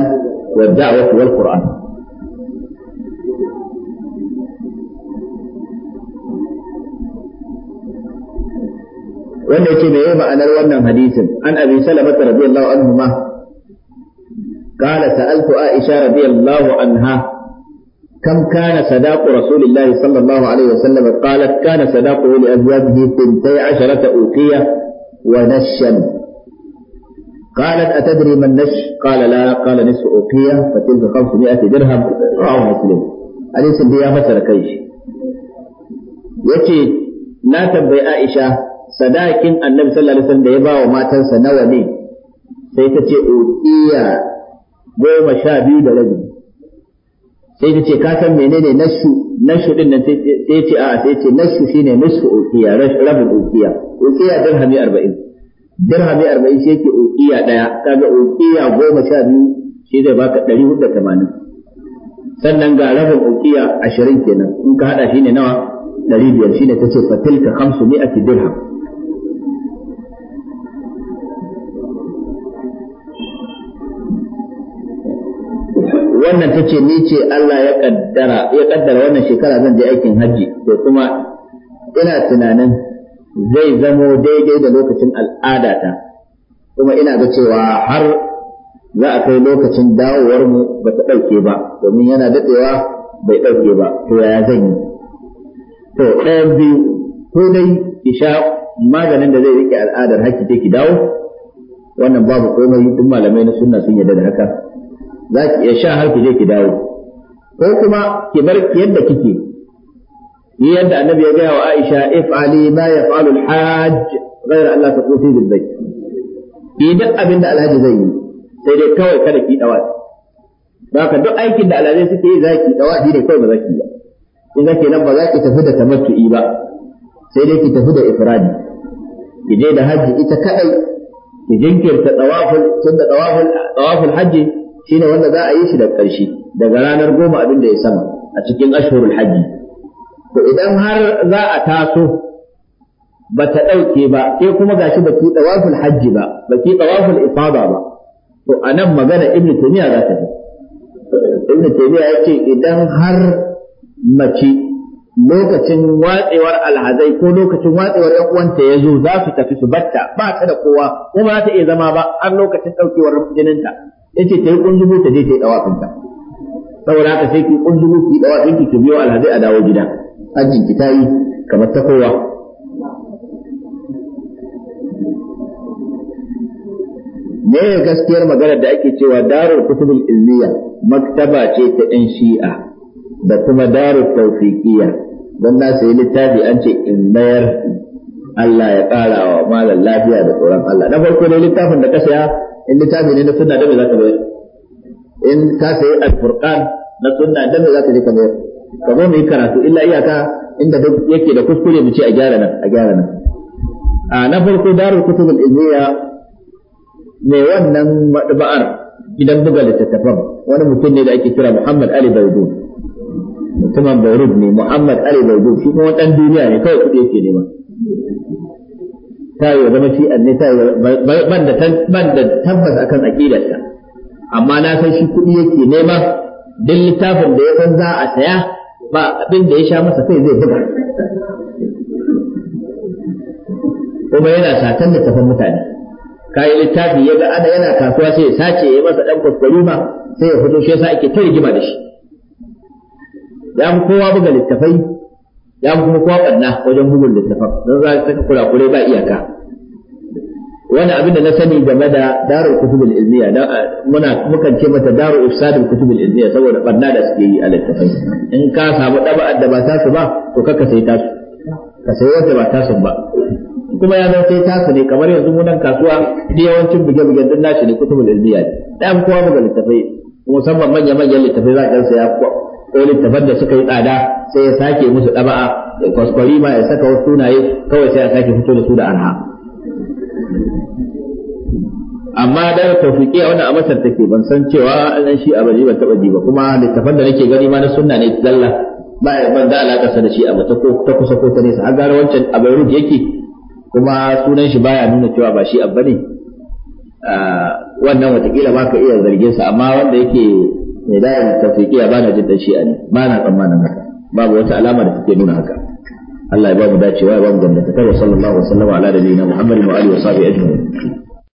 wa da'wati wal qur'an wanda yake me ma'anar wannan hadisin an abi salama radiyallahu anhu ma قال سألت عائشة رضي الله عنها كم كان صداق رسول الله صلى الله عليه وسلم قالت كان صداقه لأزواجه ثنتي عشرة أوقية ونشا قالت أتدري ما النش قال لا قال نصف أوقية فتلك خمسمائة درهم رواه مسلم أليس بها مثل كيش يتي لا تبي عائشة صداق النبي صلى الله عليه وسلم يبا وما تنسى نوى sai ta ce uqiya goma sha biyu da rabi sai ta ce ka san menene nashu nashu din nan sai ce a sai ce nashu shine nisfu ukiya rabin ukiya ukiya dirhami 40 dirhami 40 shi yake ukiya daya kaga ukiya goma sha biyu shi zai baka 480 sannan ga rabin ukiya 20 kenan in ka hada shine nawa 500 shine tace fatilka 500 dirham wannan ta ce ni ce Allah ya kaddara ya kaddara wannan shekara zan je aikin hajji to kuma ina tunanin zai zamo daidai da lokacin al'adata kuma ina ga cewa har za a kai lokacin dawowar mu ba ta ɗauke ba domin yana daɗewa bai ɗauke ba to yaya zan yi to ɗaya biyu ko dai ki sha maganin da zai rike al'adar hakki take dawo wannan babu komai duk malamai na sunna sun yarda da haka za ki iya sha har ki je ki dawo ko kuma ki bar yadda kike yi yadda annabi ya gaya wa Aisha if'ali ma yaf'alu al-hajj ghayr an la taqufi bil bayt ki duk abin da alhaji zai yi sai dai kawai kada ki dawa ka duk aikin da alhaji suke yi za ki dawa ne kawai ba za ki ba in zake nan ba za ki tafi da tamattu'i ba sai dai ki tafi da ifradi ki je da hajji ita kadai ki jinkirta tawaful tunda tawaful tawaful hajji shine wanda za a yi shi da ƙarshe daga ranar goma abin da ya sama a cikin ashhurul hajji to idan har za a taso ba ta ɗauke ba ke kuma gashi ba ki tawaful hajji ba ba ki tawaful ifada ba to nan magana Ibn taymiya za ta ibnu taymiya yace idan har mace lokacin watsewar alhazai ko lokacin watsewar ‘yan uwanta ya zo za su tafi su batta ba ta da kowa kuma za ta iya zama ba har lokacin ɗaukewar jininta yace ta yi kunzugu ta je ta yi dawafin ta saboda haka sai ki kunzugu ki dawafin ki ki biyo alhazai a dawo gida hajjin ki tayi kamar ta kowa me gaskiyar magana da ake cewa darul kutubul ilmiya maktaba ce ta ɗan shi'a da kuma darul tawfiqiyya don na sayi littafi an ce in mayar Allah ya ƙara wa malam lafiya da tsoron Allah na farko dai littafin da ka saya in littafi ne na sunna da me zaka bayar in ka sayi alfurqan na sunna da me zaka je ka bayar ka zo mu yi karatu illa iyaka inda duk yake da kuskure mu ce a gyara nan a gyara nan a na farko darul kutubul ilmiya mai wannan madba'ar idan buga littattafan wani mutum ne da ake kira Muhammad Ali Baidu? mutumin Bayrut ne Muhammad Ali Baidu? shi kuma dan duniya ne kawai kudi yake nema ta yi zama shi ne ta ban da ban da tabbas akan aqidarsa amma na san shi kuɗi yake nema duk littafin da ya san za a saya ba abin da ya sha masa kai zai buga kuma yana satan littafin mutane kayan littafi ya ga ana yana kasuwa sai ya sace ya masa dan ma sai ya fito shi yasa ake ta rigima da shi ya fi kowa buga littafai ya kuma kuma ɓanna wajen bugun littafan don za ka kurakurai ba iyaka wani abin da na sani game da darul kutubul ilmiya muna mukan ce mata darul ifsadul kutubul ilmiya saboda barna da suke yi a littafai in ka samu daba'ar da ba ta su ba to kaka sai ta su ka sai wata ba ta su ba kuma ya zama sai ta su ne kamar yanzu munan kasuwa da yawancin buge-bugen din nashi ne kutubul ilmiya ne kowa buga littafai musamman manya-manyan littafai za ka gansa ya ko littafan da suka yi tsada sai ya sake musu ɗaba'a da kwaskwari ma ya saka wasu sunaye kawai sai a sake fito da su da arha amma da tawfiqi wannan a masar take ban san cewa an shi a bari ban taba ji ba kuma littafan da nake gani ma na sunna ne lalla. ba ban da alaka sa da shi a mata ko ta kusa ko ta nesa a gara wancan a Beirut yake kuma sunan shi baya nuna cewa ba shi abba ne ah, wannan watakila ba ka iya zargin sa amma wanda yake mai da'in tafiqiya ba na jin dan a ne ba na tsammanin haka babu wata alama da take nuna haka Allah ya ba mu dacewa ya ba mu gamdakatar wa sallallahu alaihi wa sallam ala nabiyina Muhammadin wa alihi wa sahbihi ajma'in